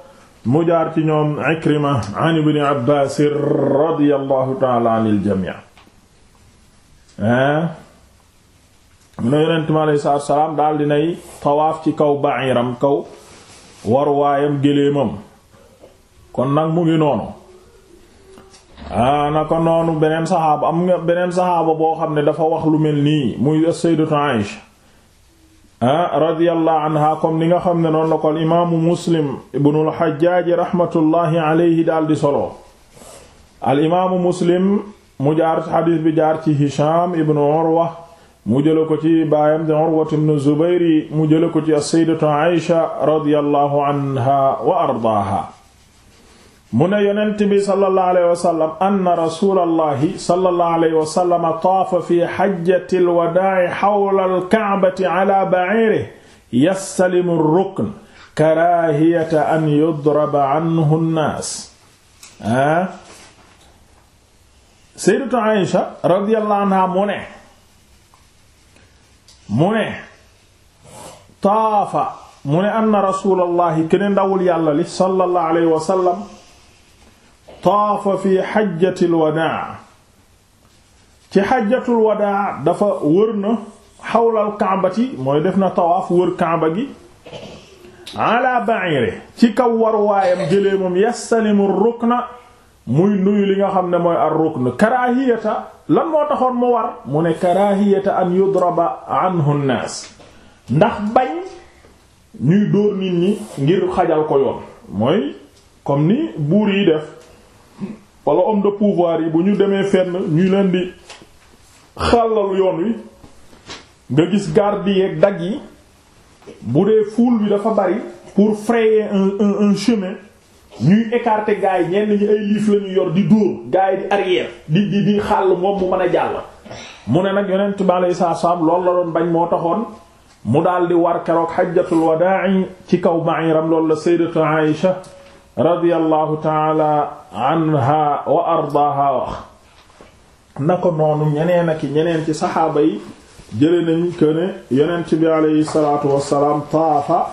mu jaar ci ñoom Ikrima an ibn Abbaas radiyallahu ta'ala anil jami' mu ne yonent mi aleyhi salaatu salaam daal dinay tawaaf ci kaw ba'iram kaw waruwaayam géléemam kon nag mu ngi noonu ah, naka noonu beneen saxaaba am nga beneen saxaaba boo xam ne dafa wax lu mel nii muy sayyidatu Aïsha ah, radiyallahu anha comme ni nga xam ne noon na ko imaamu muslim ibnu al-Hajjaaj rahmatullahi alayhi di solo al imaamu muslim mu jaar xadiis bi jaar ci Hisham ibnu Urwa mu jëla ko ci baayam di Urwatu ibn Zubayr yi mu jëla ko ci as-sayyidatu Aisha radiyallahu anha wa ardaaha mu ne yonent bi sallallahu alayhi wa sallam anna rasulallahi sallallahu alayhi wa sallam taafa fi hajjati alwadaa'i hawla alka'bati ala ba'irihi yastalimu ar-rukn karaahiyata an yudraba anhu an-naas ah sayyidatu Aisha radiyallahu anha mu ne mu ne taafa mu ne anna rasulallahi kene ndawul yàlla li sallallahu alayhi wa taafa fi xajjatil wadaa ci xajjatul wadaa dafa wërna na xawlal kaabati mooy def na tawaaf wër kaaba gi ala ba'ire ci kaw war waayam jëlee moom yastalimu rukna muy nuyu li nga xam ne mooy ar-rukn karaahiyata lan moo taxoon mu war mu ne karaahiyata an yudraba anhu an-naas ndax bañ ñuy dóor nit ñi ngir xajal ko yoon mooy comme ni buur yi def wala homme de pouvoir yi bu ñu demee fenn ñuy leen di xàllal yoon wi nga gis garde yeeg dag yi bu dee foule bi dafa bari pour frayer un un un chemin ñuy écarter gars yi ñenn ñi ay liif la yor di dóor gars yi di arrière di di xàll moom mu mën a jàll. mu ne nag yonent bi alayhi salaatu salaam lool la doon bañ moo taxoon mu daal di war keroog xajjatul wadaa ci kaw ba'iram loolu la sayyidatu Aïsha radiyallahu taala anha wa ardaaha wax na ko noonu ñeneen ak ñeneen ci saxaaba yi jële nañu ko ne yonent bi alayhi salaatu wassalaam taafa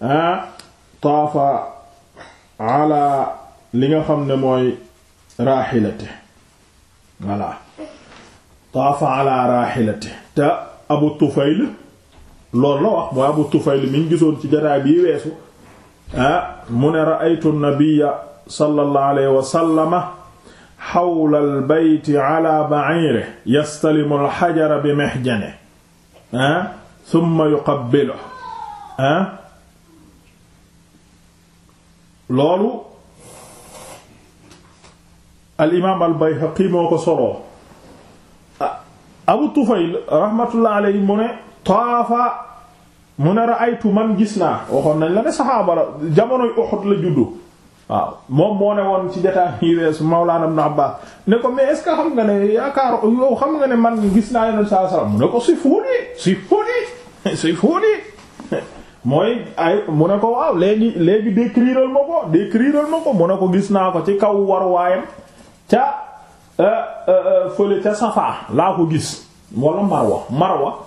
ah taafa ala li nga xam ne mooy raaxilate voilà taafa ala raaxilate abu tufayl loolu la abu tufayl mi ñu gisoon ci jataay bii weesu ah mu ne ra'aytu alayhi wa xawla albayti ala ba'irihi yastalimu alxajara bi mihjanihi ah thumma yuqabbiluhu ah. loolu al imaam al Bayhaqi moo ko soloo Abu Tufayl rahmatullah alayhi mu ne taafa mu ne ra'aytu man gis naa waxoon nañ la ne saxaaba la jamonoy Uhud la juddu waaw moom moo ne woon ci jotaay yi weesu Mawlana Ibn Abbas ne ko mais est xam nga ne yaakaar xam nga ne man gis naa Yonent sallallahu alayhi wasallam mu ne ko sifuni sifuni <laughs> sifuni mooy ay mu ne ko waaw léegi léegi décriral ma ko décriral ma ko mu ne ko gis naa ko ci kaw war waayam ca euh, euh, euh, fële ca safaa laa ko gis wala mar marwa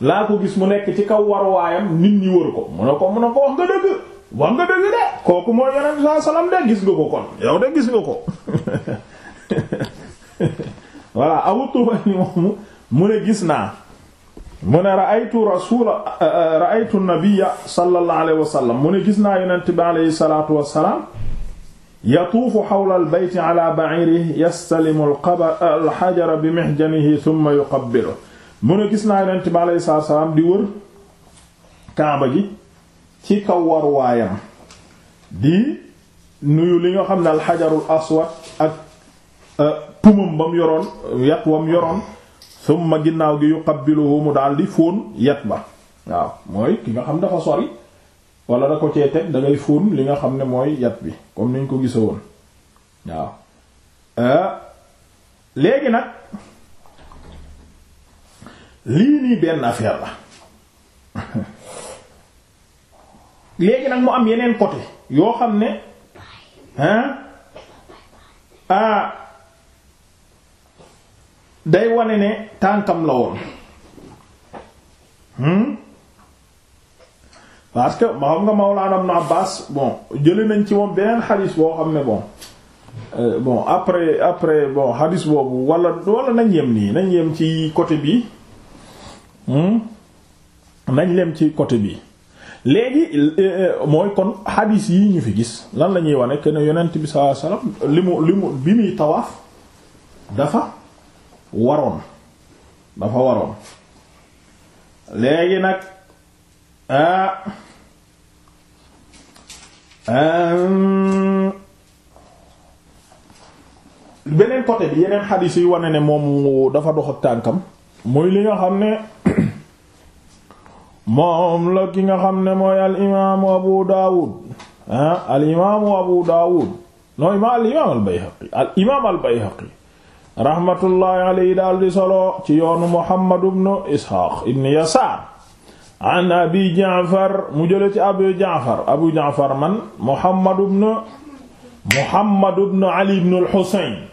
laa ko gis mu nekk ci kaw war waayam nit ñi wër ko mu ne ko mu ne ko wax nga dëgg wax nga dëgg de kooku mooy yonent saa salaam de gis nga ko kon yow de gis nga ko <laughs> voilà awu tubaab ni moomu mu ne gis naa mu ne raaytu rasula raaytu nabia sallallahu alayhi wa sallam mu ne gis naa yonent bi alayhi salatu wassalaam yatuufu xawla albeyti ala baciirihi yastalimu alxajara bi mixjanihi summa yuqabbilu mu ne gis naa yonent bi alayhi salatu wassalaam di wër kaaba gi ci kaw war waayam di nuyu li nga xam ne alxajarul aswad ak tumam bam yoroon yat wam yoroon summa ginnaaw gi yuqabbiluhu mu daal di fóon yet ba waaw mooy ki nga xam dafa sori wala da ko cee teg da fóon li nga xam ne mooy yat bi comme niñ ko gisa woon waaw euh, léegi nag lii nii benn affaire la <laughs> léegi nag mu am yeneen côté yoo xam ne ah day wane ne tànkam la woon hmm? parce que ma xam nga Mawlana Ibn Abbas bon jëli nañ ci moom beneen xadis boo xam ne bon euh, bon après après bon xadis boobu wala wala nañ yem nii nañ yem ci côté bii hmm? nañ lem ci côté bi léegi euh, euh, mooy kon xadis yi ñu fi gis lan la ñuy wane que ne yonent bi sallallahu alayhi li mu li mu bi muy tawaaf dafa waroon dafa waroon léegi nag ah, ah, beneen côté bi yeneen xadiis yi wane ne moom dafa dox ak tànkam muy li nga xam ne <coughs> moom la ki nga xam ne mooy al imaamu abu daawud ah al imaamu abu daawud non imaam al imaam al bayhaqi al imaam al bayhaqi rahmatullahi alayhi daal di solo ci yoonu Muhammad ibn Ishaq ibn Yasaar mu jële ci abu Jaafar abu Jaafar man Muhammad ibn Muhammad ibn Ali ibn al-Husayn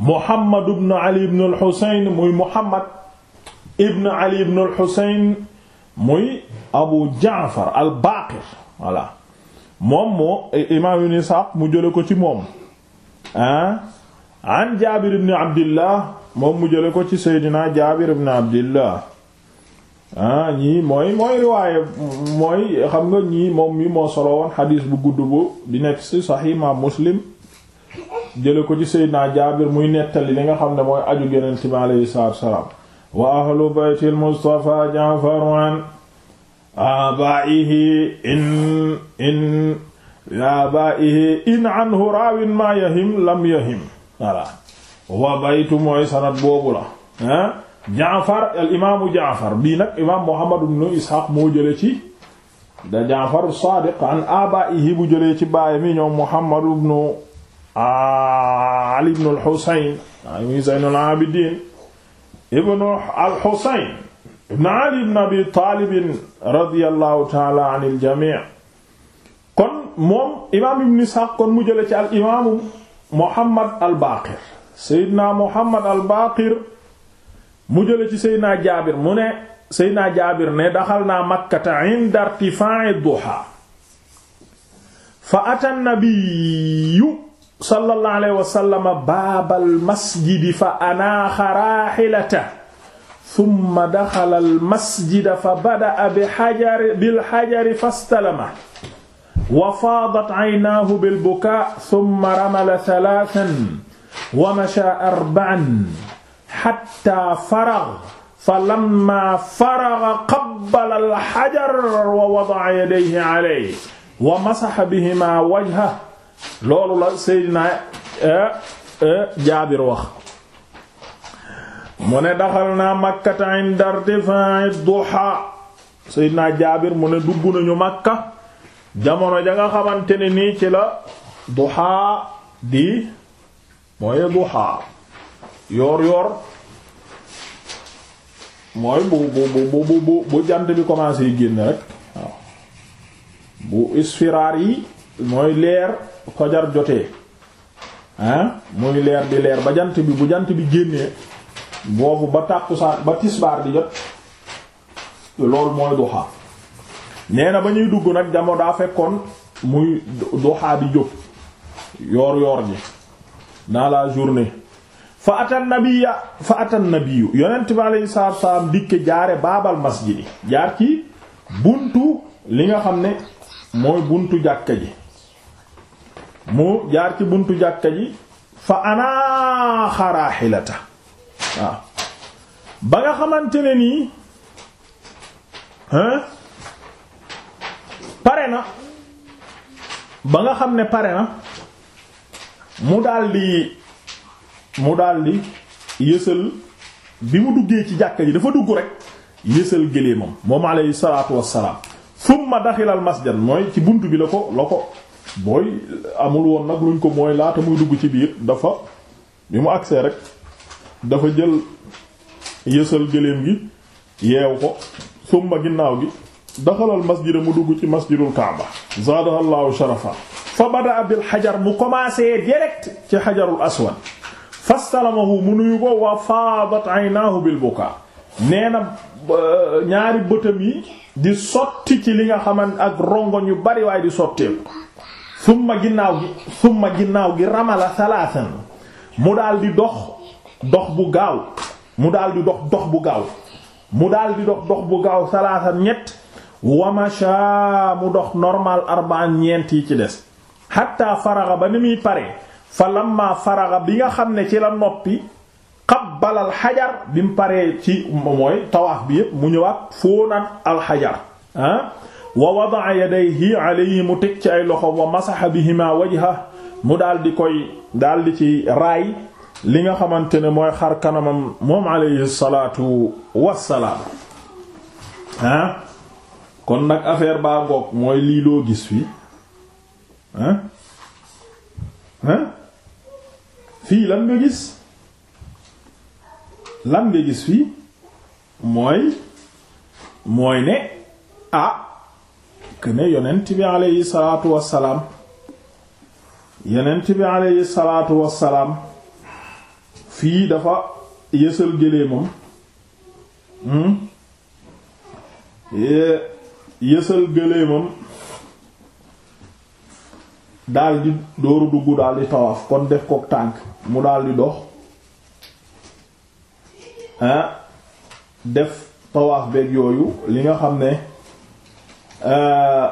Muhammad ibn Ali muy Muhammad ibn Ali ibn al muy abu Jaafar al moom moo imaam ibn Ishaq mu jële ko ci moom an mu jële ko ci seydina jaabir ibn abdillah ah, ñii mooy mooy riwaaye mooy xam nga ñii moom mi moo solo woon xadiis bu gudd bu di nekk ci saxiix muslim jële ko ci seydina jaabir muy nettali li nga xam ne mooy aju genente bi aleyhi salaatu wa ahlu baytil mustafa jaafaran abaihi in in abaihi in anhu raawin ma yahim lam yahim voilà wa baytu mooy sanad boobu la ah Jaafar al imaamu Jaafar bii nag imaam Muhammad ibn Ishaq moo jëlee ci da Jaafar Saadiq an abaa'ihi bu jëlee ci baay mi ñoom Muhammad ibn ah, Ali ibn al-Husayn Ali Zayn al-Abidin ibn al-Husayn ibn Ali ibn Abi Talib radiyallahu ta'ala anil jami' kon moom imaam Ibn Ishaq kon mu jëlee ci al imaamu Muhammad al-Baqir Seydina Muhammad al-Baqir mu jële ci Seydina Jaabir mu ne Seydina Jaabir ne daxal naa Makkata inda irtifaa'i duha fa ata nabiyyu sallallahu alayhi wa sallam baabal masjidi fa anaaxa raaxilata summa daxala al masjida fa bada'a bi xajari bil xajari fastalama wa faadat aynaahu bil bukaa summa ramala salaasan wa mashaa arba'an xattaa farag fa lammaa faraga qabbala al xajar wa wada'a yadayhi alayhi wa masaxa bihimaa wajhahu loolu la Seydina eh, eh, Jaabir wax mu ne daxal naa Makkata inda irtifaa'i duhaa Seydina Jaabir mu ne dugg nañu Makka jamono ja nga xamante ne nii ci la xaa di mooy duhaa yoor yoor mooy bu bu bu bu bu bu jant bi commencé yi génn rek waaw bu isfiraar yi mooy leer fajar jotee muy leer di leer ba jant bi bu jant bi génnee boobu ba tàkkusaan ba tisbaar di jot loolu mooy duhaa nee na ba ñuy dugg nag jamono daa fekkoon muy duhaa di jóg yoor yoor ji dans la journée fa atan nabiyya yonent bi alayhi salaatu salaam dikke jaare baabal masjidi jaar ci buntu li nga xam ne mooy buntu jàkka ji mu jaar ci buntu jàkka ji fa anaaxa raaxilata waaw ba nga xamante ne nii hein pare na ba nga xam ne pare na mu daldi mu daldi yësal bi mu duggee ci jàkka ji dafa dugg rekk yësal géléemam moom alayhi salaatu wassalaam summa daxilal masjid mooy ci bunt bi la ko la ko booy amul woon nag luñ ko mooy laata muy dugg ci biir dafa bi mu agsee rek dafa jël yësal géléem gi yeew ko summa ginnaaw gi daxalal masjida mu dugg ci masjidul kaaba zaadaha allahu sharafa fa bada bil xajar mu commencé direct ci xajarul aswad fastalamahu mu nuyu ko wa faadat aynaahu bil bukaa nee na ñaari bëtam yi di sotti ci li nga xaman ak rongoñ yu bari waaye di sotteel summa ginnaaw gi summa ginnaaw gi ramala salaasan mu daal di dox dox bu gaaw mu daal di dox dox bu gaaw mu daal di bu gaaw salaasan ñett wamasha mu dox normal arbaan ñeent yi ci des xatta faraxa ba ni muy pare fa lamma faraxa bi nga xam ne ci la noppi qabbala alxajar bi mu paree ci mooy tawax bi yépp mu ñëwaat fóonaan alxajar ah wa wadaa yadayhi alayhi mu teg ci ay loxo wa masaxa bihima wajha mu daldi koy daal di ci raay li nga xamante ne mooy xar kanamam moom alayhi salaatu wassalaam ah kon nag affaire baa ngoog mooy lii loo gis fii hein hein fii lan nga gis lan nga gis fii mooy mooy ne ah que ne yonent bi aleyhi salaatu wassalaam yonent bi aleyhi salaatu wassalaam fii dafa yësal gëléemam hmm? eh, yësal gëléemam daldi dooru dugg daldi tawaaf kon def kook tànk mu daldi dox def tawaaf beeg yooyu li nga xam ne euh,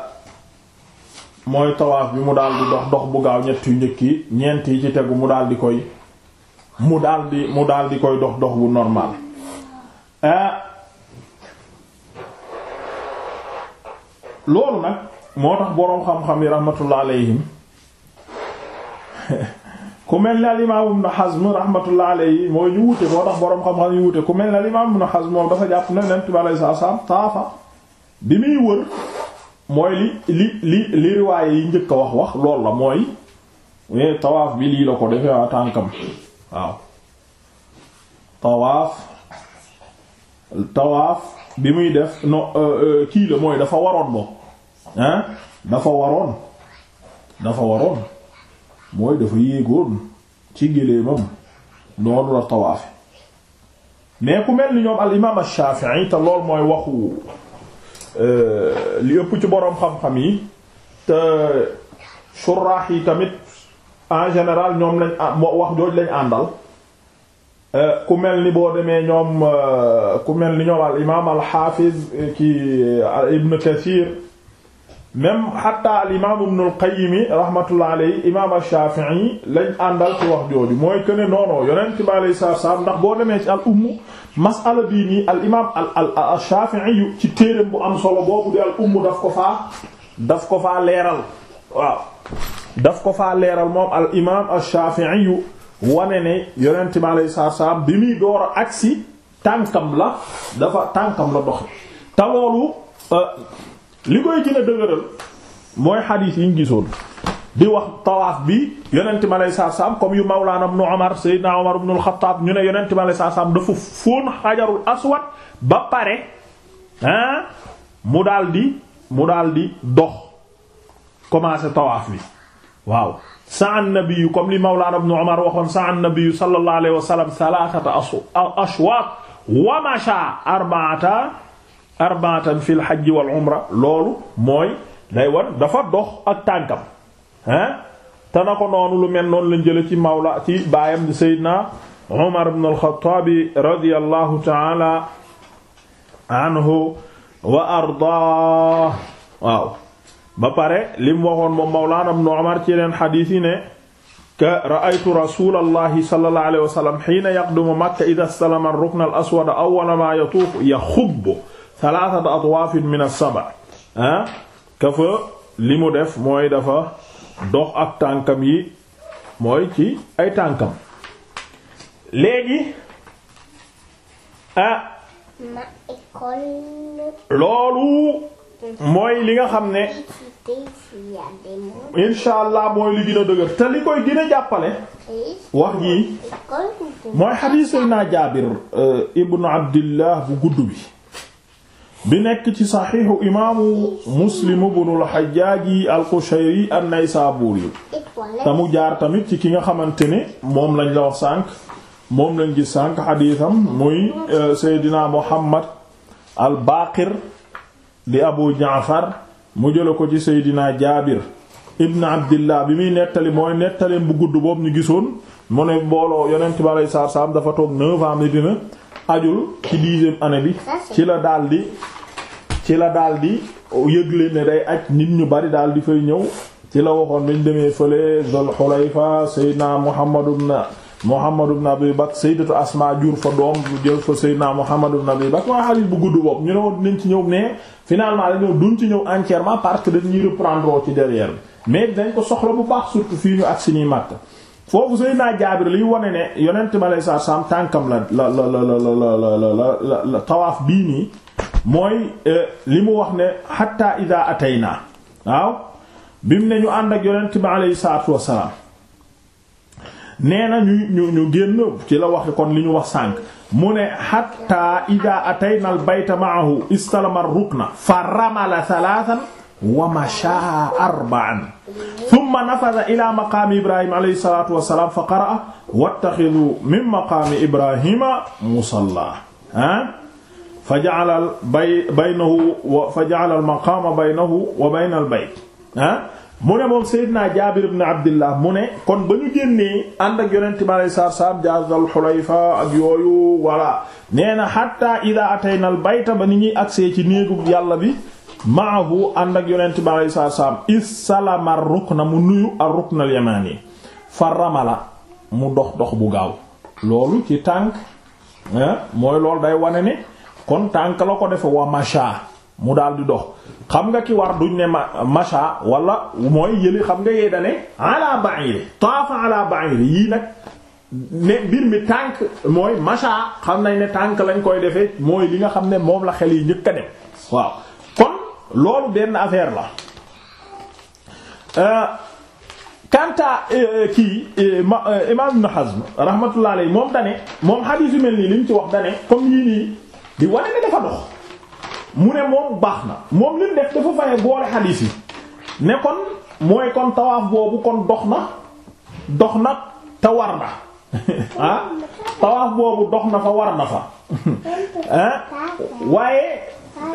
mooy tawaaf bi mu daldi dox dox bu gaaw ñett yu njëkk yi ñeent yi ci tegu mu daldi koy mu daldi mu daldi koy dox dox bu normal loolu nag moo tax boroom xam-xam yi rahmatullah alayhim ku mel ni al imaam ibn Hazm rahmatullah alayhi mooy ñu wute moo tax boroom xam-xam yu wute ku mel ni al imaam ibn moom dafa jàpp ne Yonent bi alayhi salaam taafa bi muy wër mooy li li li riwaaye yi njëkk a wax wax loolu la mooy mais tawaaf bi lii la ko defee waa tànkam waaw tawaaf tawaaf bi muy def no euh, euh, kii mooy dafa waroon moom ah dafa waroon dafa waroon ci géléemam noonu la tawaafe mais ku mel ni ñoom al imaam Shaafi'i te mooy waxu euh, li ëpp ci boroom xam-xam yi te suraax yi tamit en général ñoom lañ ah, wax jooj lañ àndal Euh, ku mel ni boo demee ñoom euh, ku mel ni ñoom al imaam al xaafiz euh, ki ibn kathir même xatta al imaam ibn al qayyim rahmatullah imaam al shaafi'i lañ àndal ci wax jooju mooy que ne noonoo yonent bi alayhi salaatu salaam ndax boo demee ci al umm masala bii nii al imaam al al shaafi'i ci téereem bu am solo boobu di al umm daf ko faa daf ko faa leeral waaw daf ko faa leeral moom al imaam al shaafi'i wane ne yenenti bi alayhi salaatu salaam bi muy door a agsi tànkam la dafa tànkam la doxe te euh, li koy gën a dëgëral mooy xadiis yi gisoon di wax tawaaf bi yonent bi alayhi salaatu saam comme yu Mawlaana ibnu Umar Seydina Umar ibnu al-Xattaab ñu ne yonent bi alayhi salaatu salaam dafa fóon xajarul aswad ba pare ah mu daldi mu di dox commencer tawaaf bi waaw sa'an nabiyu comme li Mawlana ibn Umar waxoon sa'an nabiyu sallallahu alayhi wa sallam thalathata ashwaat wa masha arba'ata arba'atan fil hajj wal umra loolu mooy day wan dafa dox ak tànkam ah te na ko noonu lu mel noonu lañ jële ci mawla ci baayam di Seydina Umar ibn al-Khattab radiyallahu ta'ala anhu wa ardaah waaw ba pare li mu waxoon moom Mawlaana Ibnu Umar ci yeneen xadiis yi ne ka ra'aytu rasuulallahi sallallahu alayhi wa sallam makka idaa salama ar-rukna al-aswada awwala maa yatuufu yaxubbu salaasata atwaafin min as ah, ka fa li def mooy dafa dox ak tànkam yi mooy ci ay tànkam léegi ah loolu mooy li nga xam ne insha allah mooy li gën dëgër te li koy gën jàppale wax jii mooy xadiisul naa jaabir euh, ibnu abdillah bu gudd bi bi nekk ci saxiixu imaamu muslim ibnul xajjaaji al-qushayri an-naysaabuuri te mu jaar tamit ci ki nga xamante ni moom lañ la wax sànq moom lañ gis sànq xadiisam muy euh, seydina muhammad al-baaqir di abu jaafar mu jëla ko ci seydina jaabir ibn abdillah bi muy nettali mooy nettaleen bu gudd boobu ñu gisoon mu ne mbooloo yonent bi aleyhi salaatu salaam dafa toog neuf ans Medina ajul ci dixième année bi ci la daldi ci la daldi yëgle ne day aj nit ñu bari di fay ñëw ci la waxoon bi ñu demee fële Zul Xulayfa seydina muhammadu na Muhammad ibn Abi Bakr sayyidatu Asma jur fa doom mu jël fa sayyidna Muhammad ibn Abi Bakr waa xarit bu gudd boobu ñu ne woon dinañ ci ñëw mais finalement dañoo duñ ci ñëw entièrement parce que dañuy reprendre ci derrière mais dañ ko soxla bu baax surtout fii ñu ak suñuy màtt foofu sayyidna Jaabir liy wane ne yonent ma lay sa sam tànkam la la la la la la la la tawaaf bii nii mooy li mu wax ne hatta idha atayna waaw bi mu ne ñu ànd ak yonent bi alayhi salaatu wassalaam nee na ñu ñu ñu génn ci la wax kon li ñu wax sànq mu ne hatta ida atayna al bayta maahu istalama ar-rukna fa ramala thalathan wa masha arba'an thumma nafadha ila maqaami ibrahima alayhi salatu wassalam fa qara'a wattakhidhu min maqaami ibrahima musalla ha fa ja'ala baynahu wa fa ja'ala al maqaama baynahu wa bayna al bayt ha mu ne moom Seydina Jaabir ibn Abdillah mu ne kon ba ñu génnee ànd ak yonent mi alayhi salaatu Xulayfa ak yooyu voilà nee na hatta idaa atayna al ba ni ñuy agsee ci néegu yàlla bi maahu ànd ak yonent mi alayhi salaatu salaam issalama mu nuyu ar rukna al yamaani fa ramala mu dox dox bu gaaw loolu ci tànk eh, mooy loolu day wane ne kon tànk la ko defe wa masha mu daal di dox xam nga ki war duñ ne ma macha wala mooy yëli xam nga yee da ne ala ba'iri taafa ala ba'iri yii nag ne mbir mi tànk mooy macha xam nañ ne tànk lañ koy defee mooy li nga xam ne moom la xel yi njëkk a dem waaw kon loolu benn affaire la. Euh, kanta euh, kii euh, Imaam Ibn Hazm rahmatullah alayhi moom dane moom xadiis yu mel nii li mu ci wax dane comme yii nii di wane ne dafa dox. mu ne moom baax na moom li def dafa faye boole xadiis yi ne kon mooy kon tawaaf boobu kon dox na dox nag te war na <laughs> ah, tawaaf boobu dox na fa war na fa <laughs> ah waaye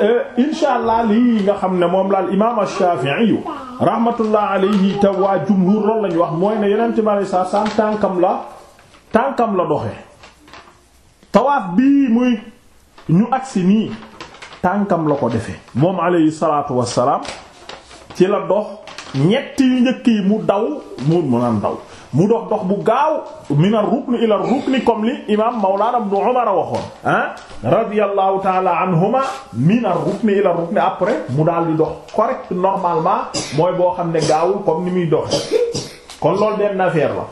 euh, insha allah lii nga xam ne moom laal imaam Shaafi'i rahmatullah alayhi te waa jumhur loolu lañu wax mooy ne yeneen ma lay saa saam tànkam la tànkam la doxe tawaaf bii muy ñu agsi nii tànkam la ko defee moom alayhi salaatu wassalaam ci la dox ñetti yu njëkk yi mu daw mu mu naan daw mu dox dox bu gaaw min ar rukni ila rukni comme li imam mawlana ibn umar waxoon ah radiyallahu taala anhuma min ar rukni ila rukni après mu daal di dox correct normalement mooy boo xam ne gaawul comme ni muy dox kon loolu benn affaire la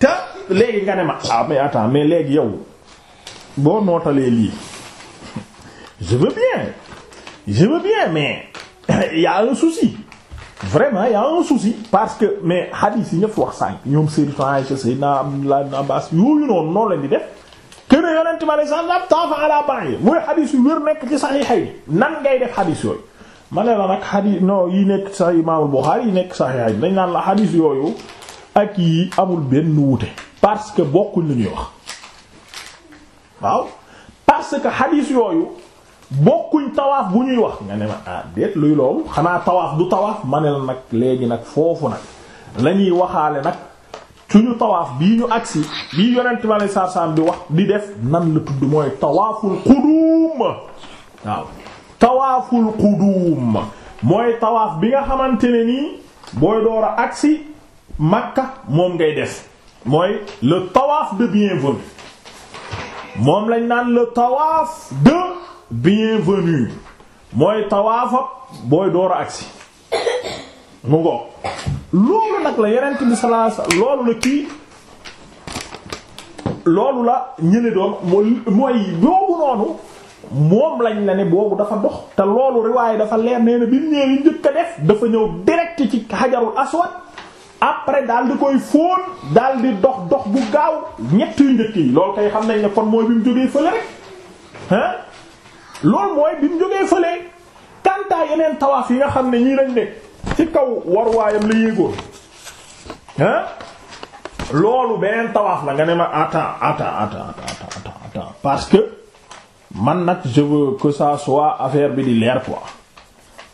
te léegi nga ne ma ah mais attends mais léegi yow boo nootalee lii je veux bien je veux bien mais il <laughs> y a vraiment il y a parce que mais hadith yi ñëpp wax sànq ñoom Seydina Aïcha Seydina Abdullah ibn Abbas yooyu noonu noonu lañ ma lay sax naam taafa ala ba'ir mooy hadith yu wér nekk ci sahihayni nan ngay def hadith yooyu ma ne la nag hadith yi nekk sahih Imam Bukhari yi nekk sahihayni dañ naan la hadith yooyu ak yi amul benn wuute parce que bokkuñ lu ñuy wax waaw parce que hadith yooyu bokkuñ tawaaf bu ñuy wax nga ne ma ah luy loolu xanaa tawaaf du tawaaf ma ne nag léegi nag foofu nag la waxaale nag suñu tawaaf bii ñu agsi bii yonent bi alei satu salaam bi wax di def nan la tudd mooy tawaaful xuduum mooy tawaaf bi nga xamante ne nii booy door a agsi Makka moom ngay def mooy le tawaaf de bienvenue moom lañ naan le tawaaf de bienvenue mooy tawaafab booy door a agsi mu ngoog loolu nag la yonent bi sallallahu alayhi loolu la kii loolu la ñële doon mooy boobu noonu moom lañ la ne boobu dafa dox te loolu riwaaye dafa leer nee na bi mu ñëwee njëkk a def dafa ñëw direct ci xajarul aswad après dal di koy fóon daal di dox dox bu gaaw ñett yu njëkk yi loolu kay xam nañ ne kon mooy bi mu jógee fële rek loolu mooy bi mu jógee fële kantaa yeneen tawaaf yi nga xam ne ñii lañ nekk ci kaw waruwaayam la yéegoon loolu beneen tawaaf la nga ne ma attends attends attends attends parce que man nag je veux que ça soit affaire bi di leer quoi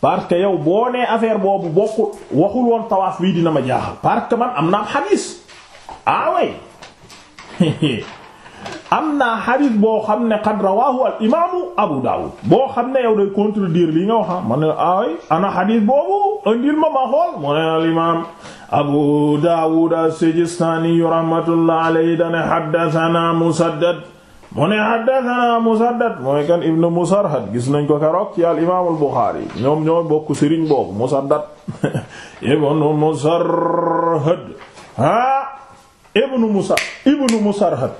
parce que yow boo nee affaire boobu bokkul waxul woon tawaaf bii dina ma jaaxal parce que man am naa am xadiis ah <laughs> am naa xadis boo xam ne qad rawahu al Abu Dawud boo xam ne yow day contredire lii nga wax ah ma ne ay ana xadis boobu indil ma ma xool mu ne al imaam Abu Dawud as-Sijistani rahmatullah alayhi dana haddathana Musaddad mu ne haddathana Musaddad Musarhad gis nañ ko keroog ci al imaam al Bukhari ñoom ñoo bokk sëriñ boobu Musaddad <laughs> ibn Musarhad ah ibn Musarhad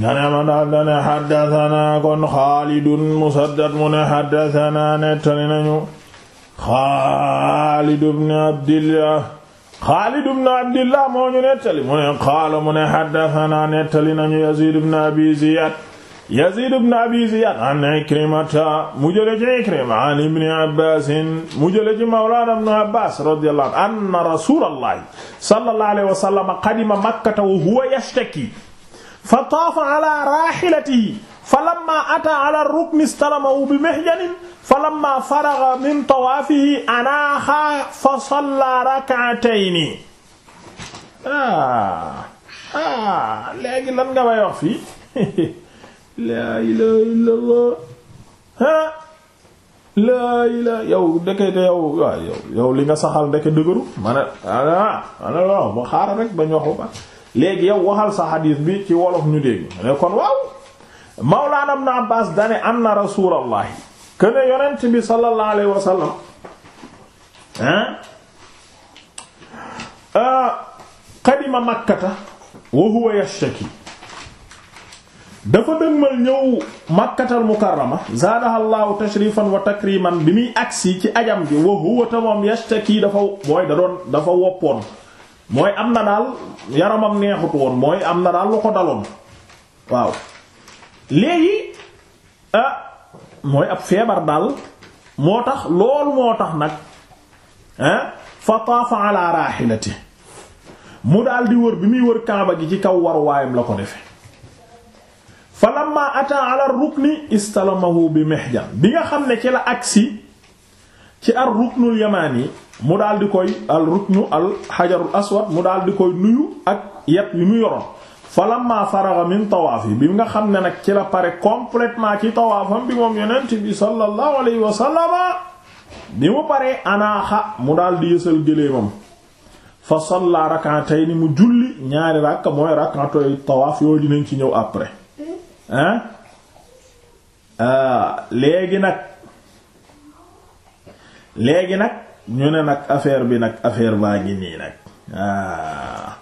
nga ne ma daal dane xaddatanaa kon xaalidun musaddad mu ne xaddatanaa nettali nañu xaalidu bne abdillah xaalidu bne abdillah moo ñu nettali mu ne qaala mu ne xaddatanaa nettali nañu yazid bne abi ziyad yazid bne abi ziyad an ikrimata mu jële ci ikrima an ibni abbasin mu jële ci mawlaana bne abbas radiyallahu anhu anna rasulallahi sallallahu alayhi wa sallam qadima makkata wa huwa yashtaki fa taafa ala rahilatihi falamma ata ala rukni istalamahu bi mihjanin falamma faragha min tawaafihi anaaxa fa salla rak'atayni ah ah léegi lan nga may wax fii laa <laughs> ilaaha illallaah ha laa ilaaha yow ndekete yow waaw yow yow li nga saxal ndeke dëgëru ma ne ah, ah ma ne waaw ma xaaral rek bañ waxu ba léegi yow waxal sa xadiis bi ci wolof ñu dégg ne kon waaw Mawlaana Ibn Abbaas dane anna Rasuulallahi këne yonent bi sallallahu alayhi wa sallam euh, qadima makkata wa huwa yashtaki dafa dëgmal ñëw makkatal mukarrama zaadahallahu tashrifan wa takriman bi muy agsi ci ajam bi wa huwa ta yashtaki dafa booy da doon dafa woppoon mooy am na daal yaramam neexut woon mooy am na daal lu ko daloon waaw léegi ah, mooy ab feebar daal moo tax lool moo tax nag ah fa taafa ala daal di wër bi muy wër kaaba gi ci kaw waruwaayam la ko defe fa lamma rukni istalamahu bi mihjan bi nga xam ne ci la agsi ci ar ruknul yi mu daal di koy al ruknu al xajarul aswad mu daal di koy nuyu ak yat yu mu yoroon falamma faraga min tawaaf yi bi nga xam ne nag ci la pare complètement ci tawaafam bi moom yonent bi sallallahu alayhi wa sallama bi mu paree anaaxa mu daal di yësal gëléemam fa salla ni mu julli ñaari ràkka mooy rak'atoy tawaaf yooyu dinañ ci ñëw après hein euh, léegi nag léegi nag ñu ne nag affaire bi nag affaire baa ngi nii nag ah.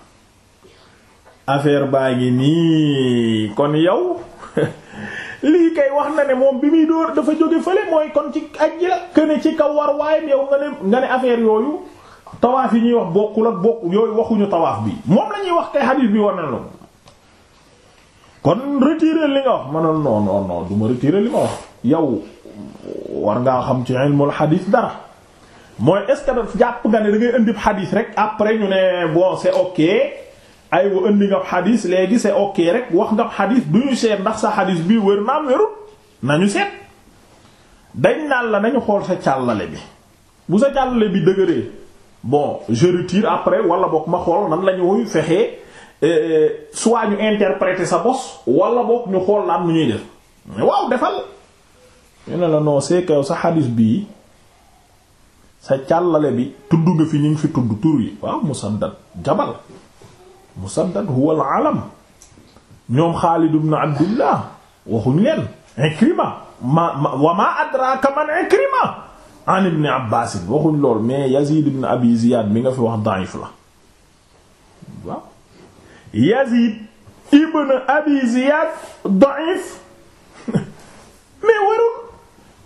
affaire baa ngi nii kon yow <laughs> lii kay wax na ne moom bi muy dóor dafa jóge fële mooy kon ci ajji la këne ci kaw war waaye yow nga ne nga yooyu tawaaf yi ñuy wax bokkul ak bokk yooyu waxuñu tawaaf bi moom la wax kay xadiis bi war na la kon retirer li nga wax ma ne non non non du li ma wax yow war ngaa xam ci ilmul xadiis dara. mooy est jàpp nga ne da ngay indi xadis rek après ñu ne bon c'est ok aywa indi nga xadis léegi c'est ok rek wax nga xadis du ñu seet ndax sa xadis bii wër naam wérut nañu seet dañ naan la nañu xool sa càllale bi bu sa càllale bi dëgëree bon je retire après wala boog ma xool nan la ñu woyu fexee euh, soit ñu interpréter sa bos wala boog ñu xool la am nu ñuy def waaw defal ñu ne la noo c'est sa xadis bii. sa càllale bi tudd nga fi ñu ngi fi tudd tur yi waaw musaddad jabal musaddad huwa al ñoom Xaalid ibn Abdullah waxuñ leen Ikrima ma ma wa ma adraka man Ikrima an ibn Abbas waxuñ lool mais Yazid ibn Abi Ziyad mi nga fi wax da'if la waaw ibn Abi Ziyad da'if <laughs> mais warul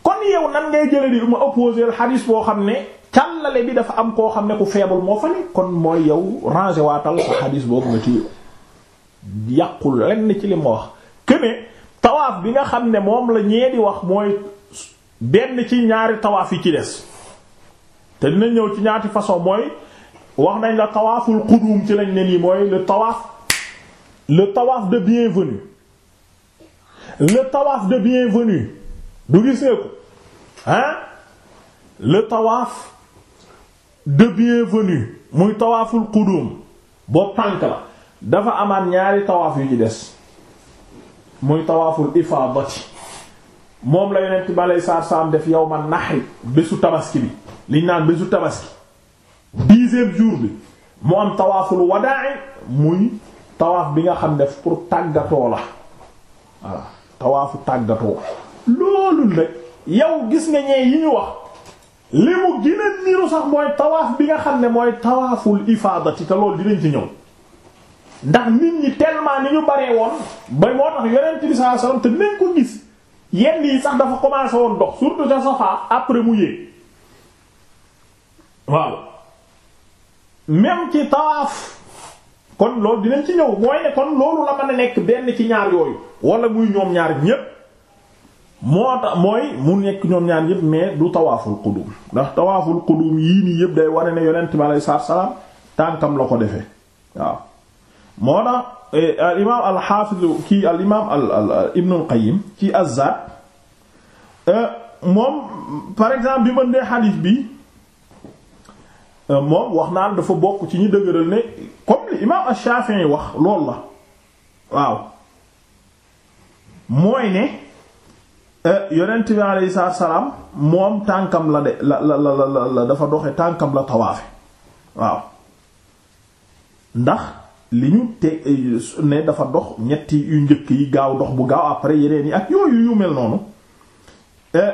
kon yow nan ngay jële di ma opposer xadiis boo xam ne càllale bi dafa am koo xam ne ku feebul moo fa ne kon mooy yow rangé waatal sa xadiis boobu nga ci yàqul lenn ci li ma wax këne tawaaf bi nga xam ne moom la ñee di wax mooy benn ci ñaari tawaaf yi ci des te dina ñëw ci ñaati façon mooy wax nañ la tawaaful qudum ci lañ ne nii mooy le tawaaf le tawaaf de bien bienvenue le tawaaf de bien bienvenue du gisee ko ah le tawaaf de bienvenue muy tawaaful qudum boobu tànk la dafa amaan ñaari tawaaf yu ci des muy tawaaful ifaadati moom la yonent bi aleyhi salaatu salaam def yawma nahri bésu tabaski bi liñ naan bésu tabaski dixième jour bi mu am tawaaful wadaa muy tawaaf bi nga xam def pour tàggatoo la voilà tawaafu tàggatoo loolu la yow gis nga ñee yi ñu wax li mu gën a sax mooy tawaaf bi nga xam ne mooy tawaaful ci te loolu dinañ ci ñëw ndax nit ñi tellement ni ñu baree woon ba moo tax yonent bi sallallahu alayhi wasallam te nañ ko gis yenn yi sax dafa commencé woon dox surtout ca Safa après mu yéeg waaw même ci tawaaf kon loolu dinañ ci ñëw mooy ne kon loolu la mën a nekk benn ci ñaar yooyu wala muy ñoom ñaar ñépp moo tax mooy mu nekk ñoom ñaan yëpp mais du tawaaful qudum ndax tawaaful qudum yii nii yëpp day wane ne yonent bi alayhi salaam tànkam la ko defee waaw eh, al imaam al xaafiz ci azzaad eh, moom par exemple bi mën dee xadiis bi eh, moom wax naan dafa bokk ci ñi dëgëral ne comme li imaam al shaafi'i wax lool la waaw mooy ne Eh, yonent bi alayhi salaam moom tànkam la de la la la la dafa doxe tànkam la tawaafe waaw ndax li ñu teg eh, ne dafa dox ñetti yu njëkk yi gaaw dox bu gaaw après yeneen yi ak yooyu yu mel noonu eh,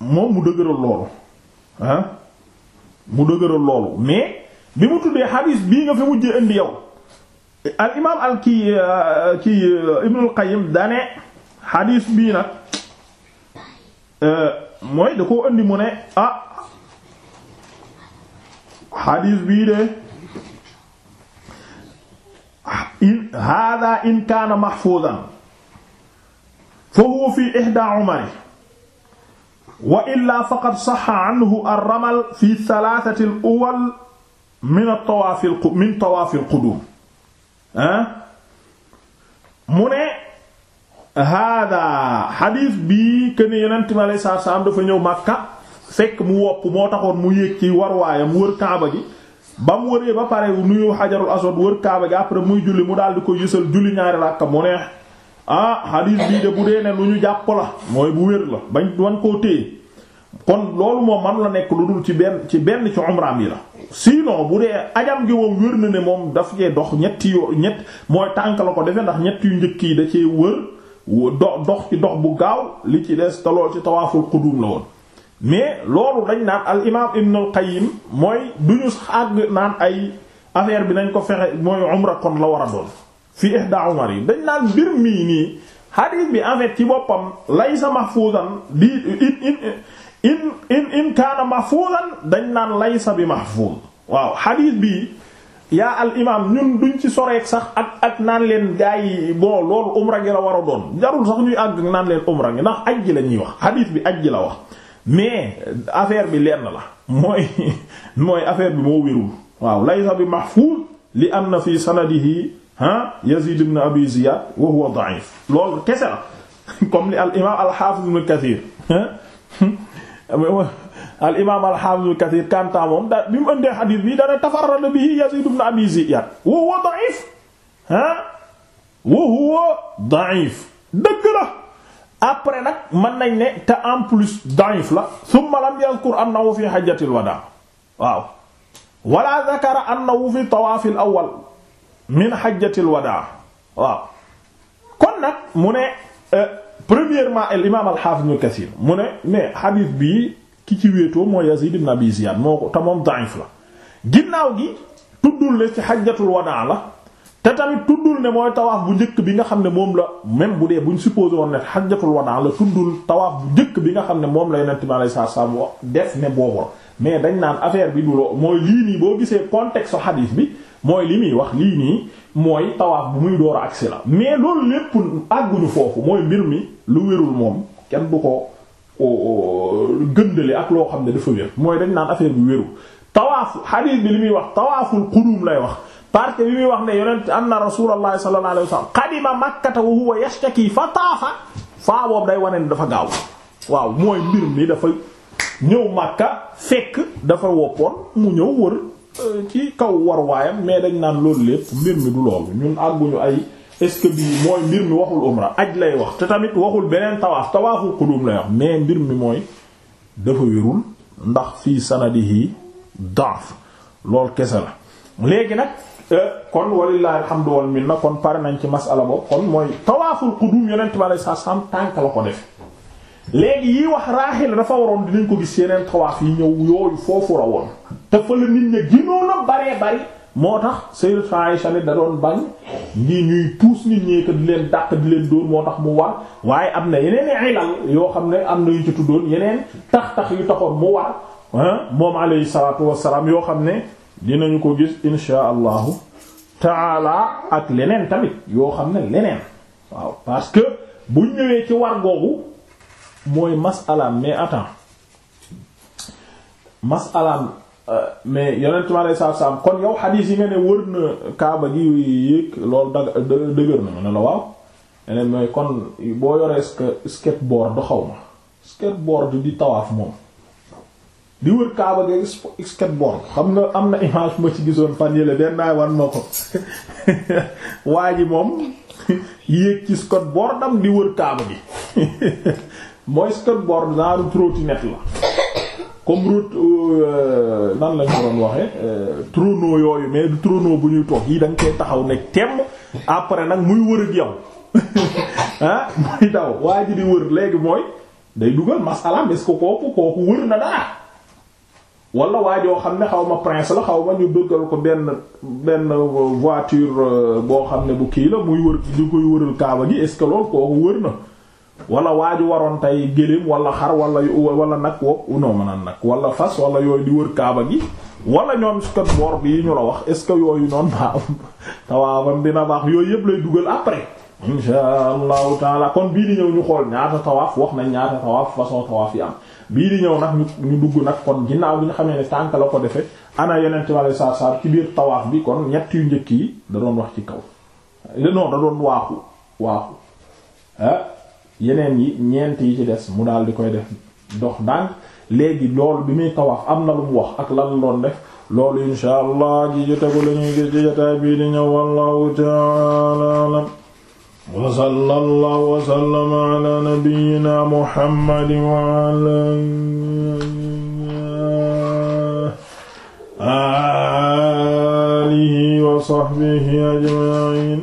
moom mu dëgëral loolu ah mu dëgëral loolu mais bi mu tuddee xadiis bii nga fi mujjee indi yow al imaam al kii kii Ibnul Qayyim dane xadiis bii nag. Euh, mooy da koo indi mu ne ah xadiis bii de in hada in kaana mahfuzan fa huwa fi ihda umari wa illa faqad sahha anhu ar-ramal fi thalathati al-awwal min at-tawaf min tawaf al-qudum ah mu ne hada xadiis bi que ne yonent mi alayhi salaatu am dafa ñëw Makka fekk mu wopp moo taxoon mu yéeg ci warwaayam wër Kaaba gi ba mu wëree ba pare nuyu xajarul aswad wër Kaaba gi après muy julli mu daal di ko yësal julli ñaari ràkka mu ne ah xadiis bii de bu ñu jàpp la mooy bu wér la bañ wan koo téye kon loolu moom man la nekk lu dul ci benn ci benn ci umraam yi la sinon bu dee ajam gi moom wér na ne moom daf cee dox ñetti yoo ñett mooy tànk la ko defee ndax ñett yu njëkk yi da cee wër. dox dox ci dox bu gaaw li ci des taloo ci tawaaful qudum la woon mais loolu dañ naan al imaam Ibn al-Qayyim mooy du ñu àgg naan ay affaire bi nañ ko fexe mooy umra kon la war a doon fii ihda umar yi dañ naan mbir mii nii hadith bi en fait ci boppam laysa mahfuzan bi in in in in kaana mahfuzan dañ naan laysa bi mahfuz waaw hadith bi yaa al imam ñun duñ ci soreek sax ak ak naan leen gaa yi bon umra gi la war a doon jarul sax ñuy àgg naan leen umra gi ndax ajji la ñuy wax hadith bi ajji la wax mais euh, affaire bi leen la mooy <laughs> mooy bi moo wérul waaw laysa bi mahfuz li anna fi sanadihi ha yazid ibn abi ziyad wa huwa da'if loolu kese la <laughs> li al imam al hafiz kathir <laughs> al imaam al haafis kathir kanta moom da bi mu ëndee xadiis bi dana tafarrada bihi Yaziid ibn Abi Ziyad wa huwa da'if ah wa huwa da'if dëgg la après nag mën nañ ne te en plus da'if la thumma lam yadhkur annahu fi hajjatil wadaa waaw wala dhakara annahu fi tawaafil awwal min hajjatil wadaa waaw kon nag mu ne euh, premièrement al imaam al haafis ibn kathir mu ne mais xadiis bi ki ci wéetoo mooy Yazid ibn Abi Ziyad moo ko te moom da'if la ginnaaw gi tuddul ne ci xajjatul wadaa la te tamit tuddul ne mooy tawaaf bu njëkk bi nga xam ne moom la même bu dee buñ supposé woon ne xajjatul wadaa la tuddul tawaaf bu njëkk bi nga xam ne moom la yonent bi alayhi salaam wax def ne boobu la mais dañ naan affaire bi du loo mooy lii nii boo gisee contexte hadith bi mooy li muy wax lii nii mooy tawaaf bu muy door a agsi la mais loolu lépp àgguñu foofu mooy mbir mi lu wérul moom kenn du ko gëndale ak loo xam ne dafa wér mooy dañ naan affaire bi wéru tawaafu xadiis bi li muy wax tawaaful quduum lay wax parce que bi muy wax ne yonent anna rasulallahi sallallahu alayhi wasallam qadima makkata wa huwa yashtaki fa day wane ne dafa gaaw waaw mooy mbir mi dafa ñëw makka fekk dafa woppoon mu ñëw wër euh, ci kaw war waayam mais dañ naan loolu lépp mbir mi du loolu ñun àgguñu ay est-ce que bii mooy mbir mi waxul umra aj lay wax te tamit waxul beneen tawaaf tawaaful qudum lay wax mais mbir mi mooy dafa wérul ndax fii sanadihi daaf loolu kese la léegi nag euh, kon walillahi alhamdu wal minna kon pare nañ ci masala boobu kon mooy tawaaful qudum yonent bi alei sat selaam tànk la ko def léegi yi wax raaxil dafa waroon dinañ ko gis yeneen tawaaf yi ñëw yooyu foofu la woon te fa nit ña ginoon a baree bari moo tax Sayyidatu sa ne da doon bañ ngi ñuy puus nit ñi que di leen dàq di leen dóor moo tax mu war waaye am na yeneen ay lal yoo xam ne am na yu ci tuddoon yeneen tax-tax yu taxoon mu war ah, moom alayhi salaatu salaam yoo xam ne dinañu ko gis insha allahu taala ak leneen tamit yoo xam ne leneen waaw parce que bu ñëwee ci war googu mooy masalaam mais attends masalaam mais yonent mi aleyhi salaatu kon yow xadiis yi nga ne wër na kaaba gi yéeg loolu da dëgër na ma ne la waaw yeneen mooy kon boo yoree skateboard xaw ma skateboard di tawaaf moom di wër kaaba gi skateboard xam nga am na image ma ci gisoon fan yële benn naay wan ma <laughs> moom <laughs> yéeg ci skateboardam di wër kaaba gi <laughs> mooy skateboard genre trottinette la comme route euh, nan lañ ko doon waxee euh, trono yooyu mais du bu ñuy toog yi da nga koy taxaw ne temm après nag muy wër ak yow <laughs> ah muy daw waa ji di wër léegi mooy day dugal masalaam est-ce que kooku kooku wër na dara wala waa xam ne xaw ma prince la xaw ma ñu dëggal ko benn benn voiture euh, boo xam ne bu kii la muy wër di koy wëral kaaba gi est-ce que kooku wër na. wala waaju waroon tey gëléem wala xar wala wala nag woog unoo mënaan nag wala fas wala yooyu di wër kaaba gi wala ñoom skat bor bi ñu la wax est ce que yooyu noonu baa <laughs> tawaafam dina baax yooyu yëpp lay dugal après insha allahu taala kon bii di ñëw ñu xool ñaata tawaaf wax nañ ñaata tawaaf façon tawaaf yi am bii di ñëw nag ñu dugg nag kon ginnaaw bi ñu xamee ne tànk la ko defee ana yeneen wala saar saar ci biir tawaaf bi kon ñett yu njëkk yi wax ci kaw eh, non da yeneen yi ñeent yi ci des mu daal di koy def dox ndànk léegi loolu bi muy tawaaf am na lu mu wax ak lan doon def loolu insha allah ji jotagu la ñuy gis ci jotaay bii di ñëw wallahu ta'ala alam wa sallallahu wa sallama ala nabiyyina muhammadin wa ala alihi wa sahbihi ajma'in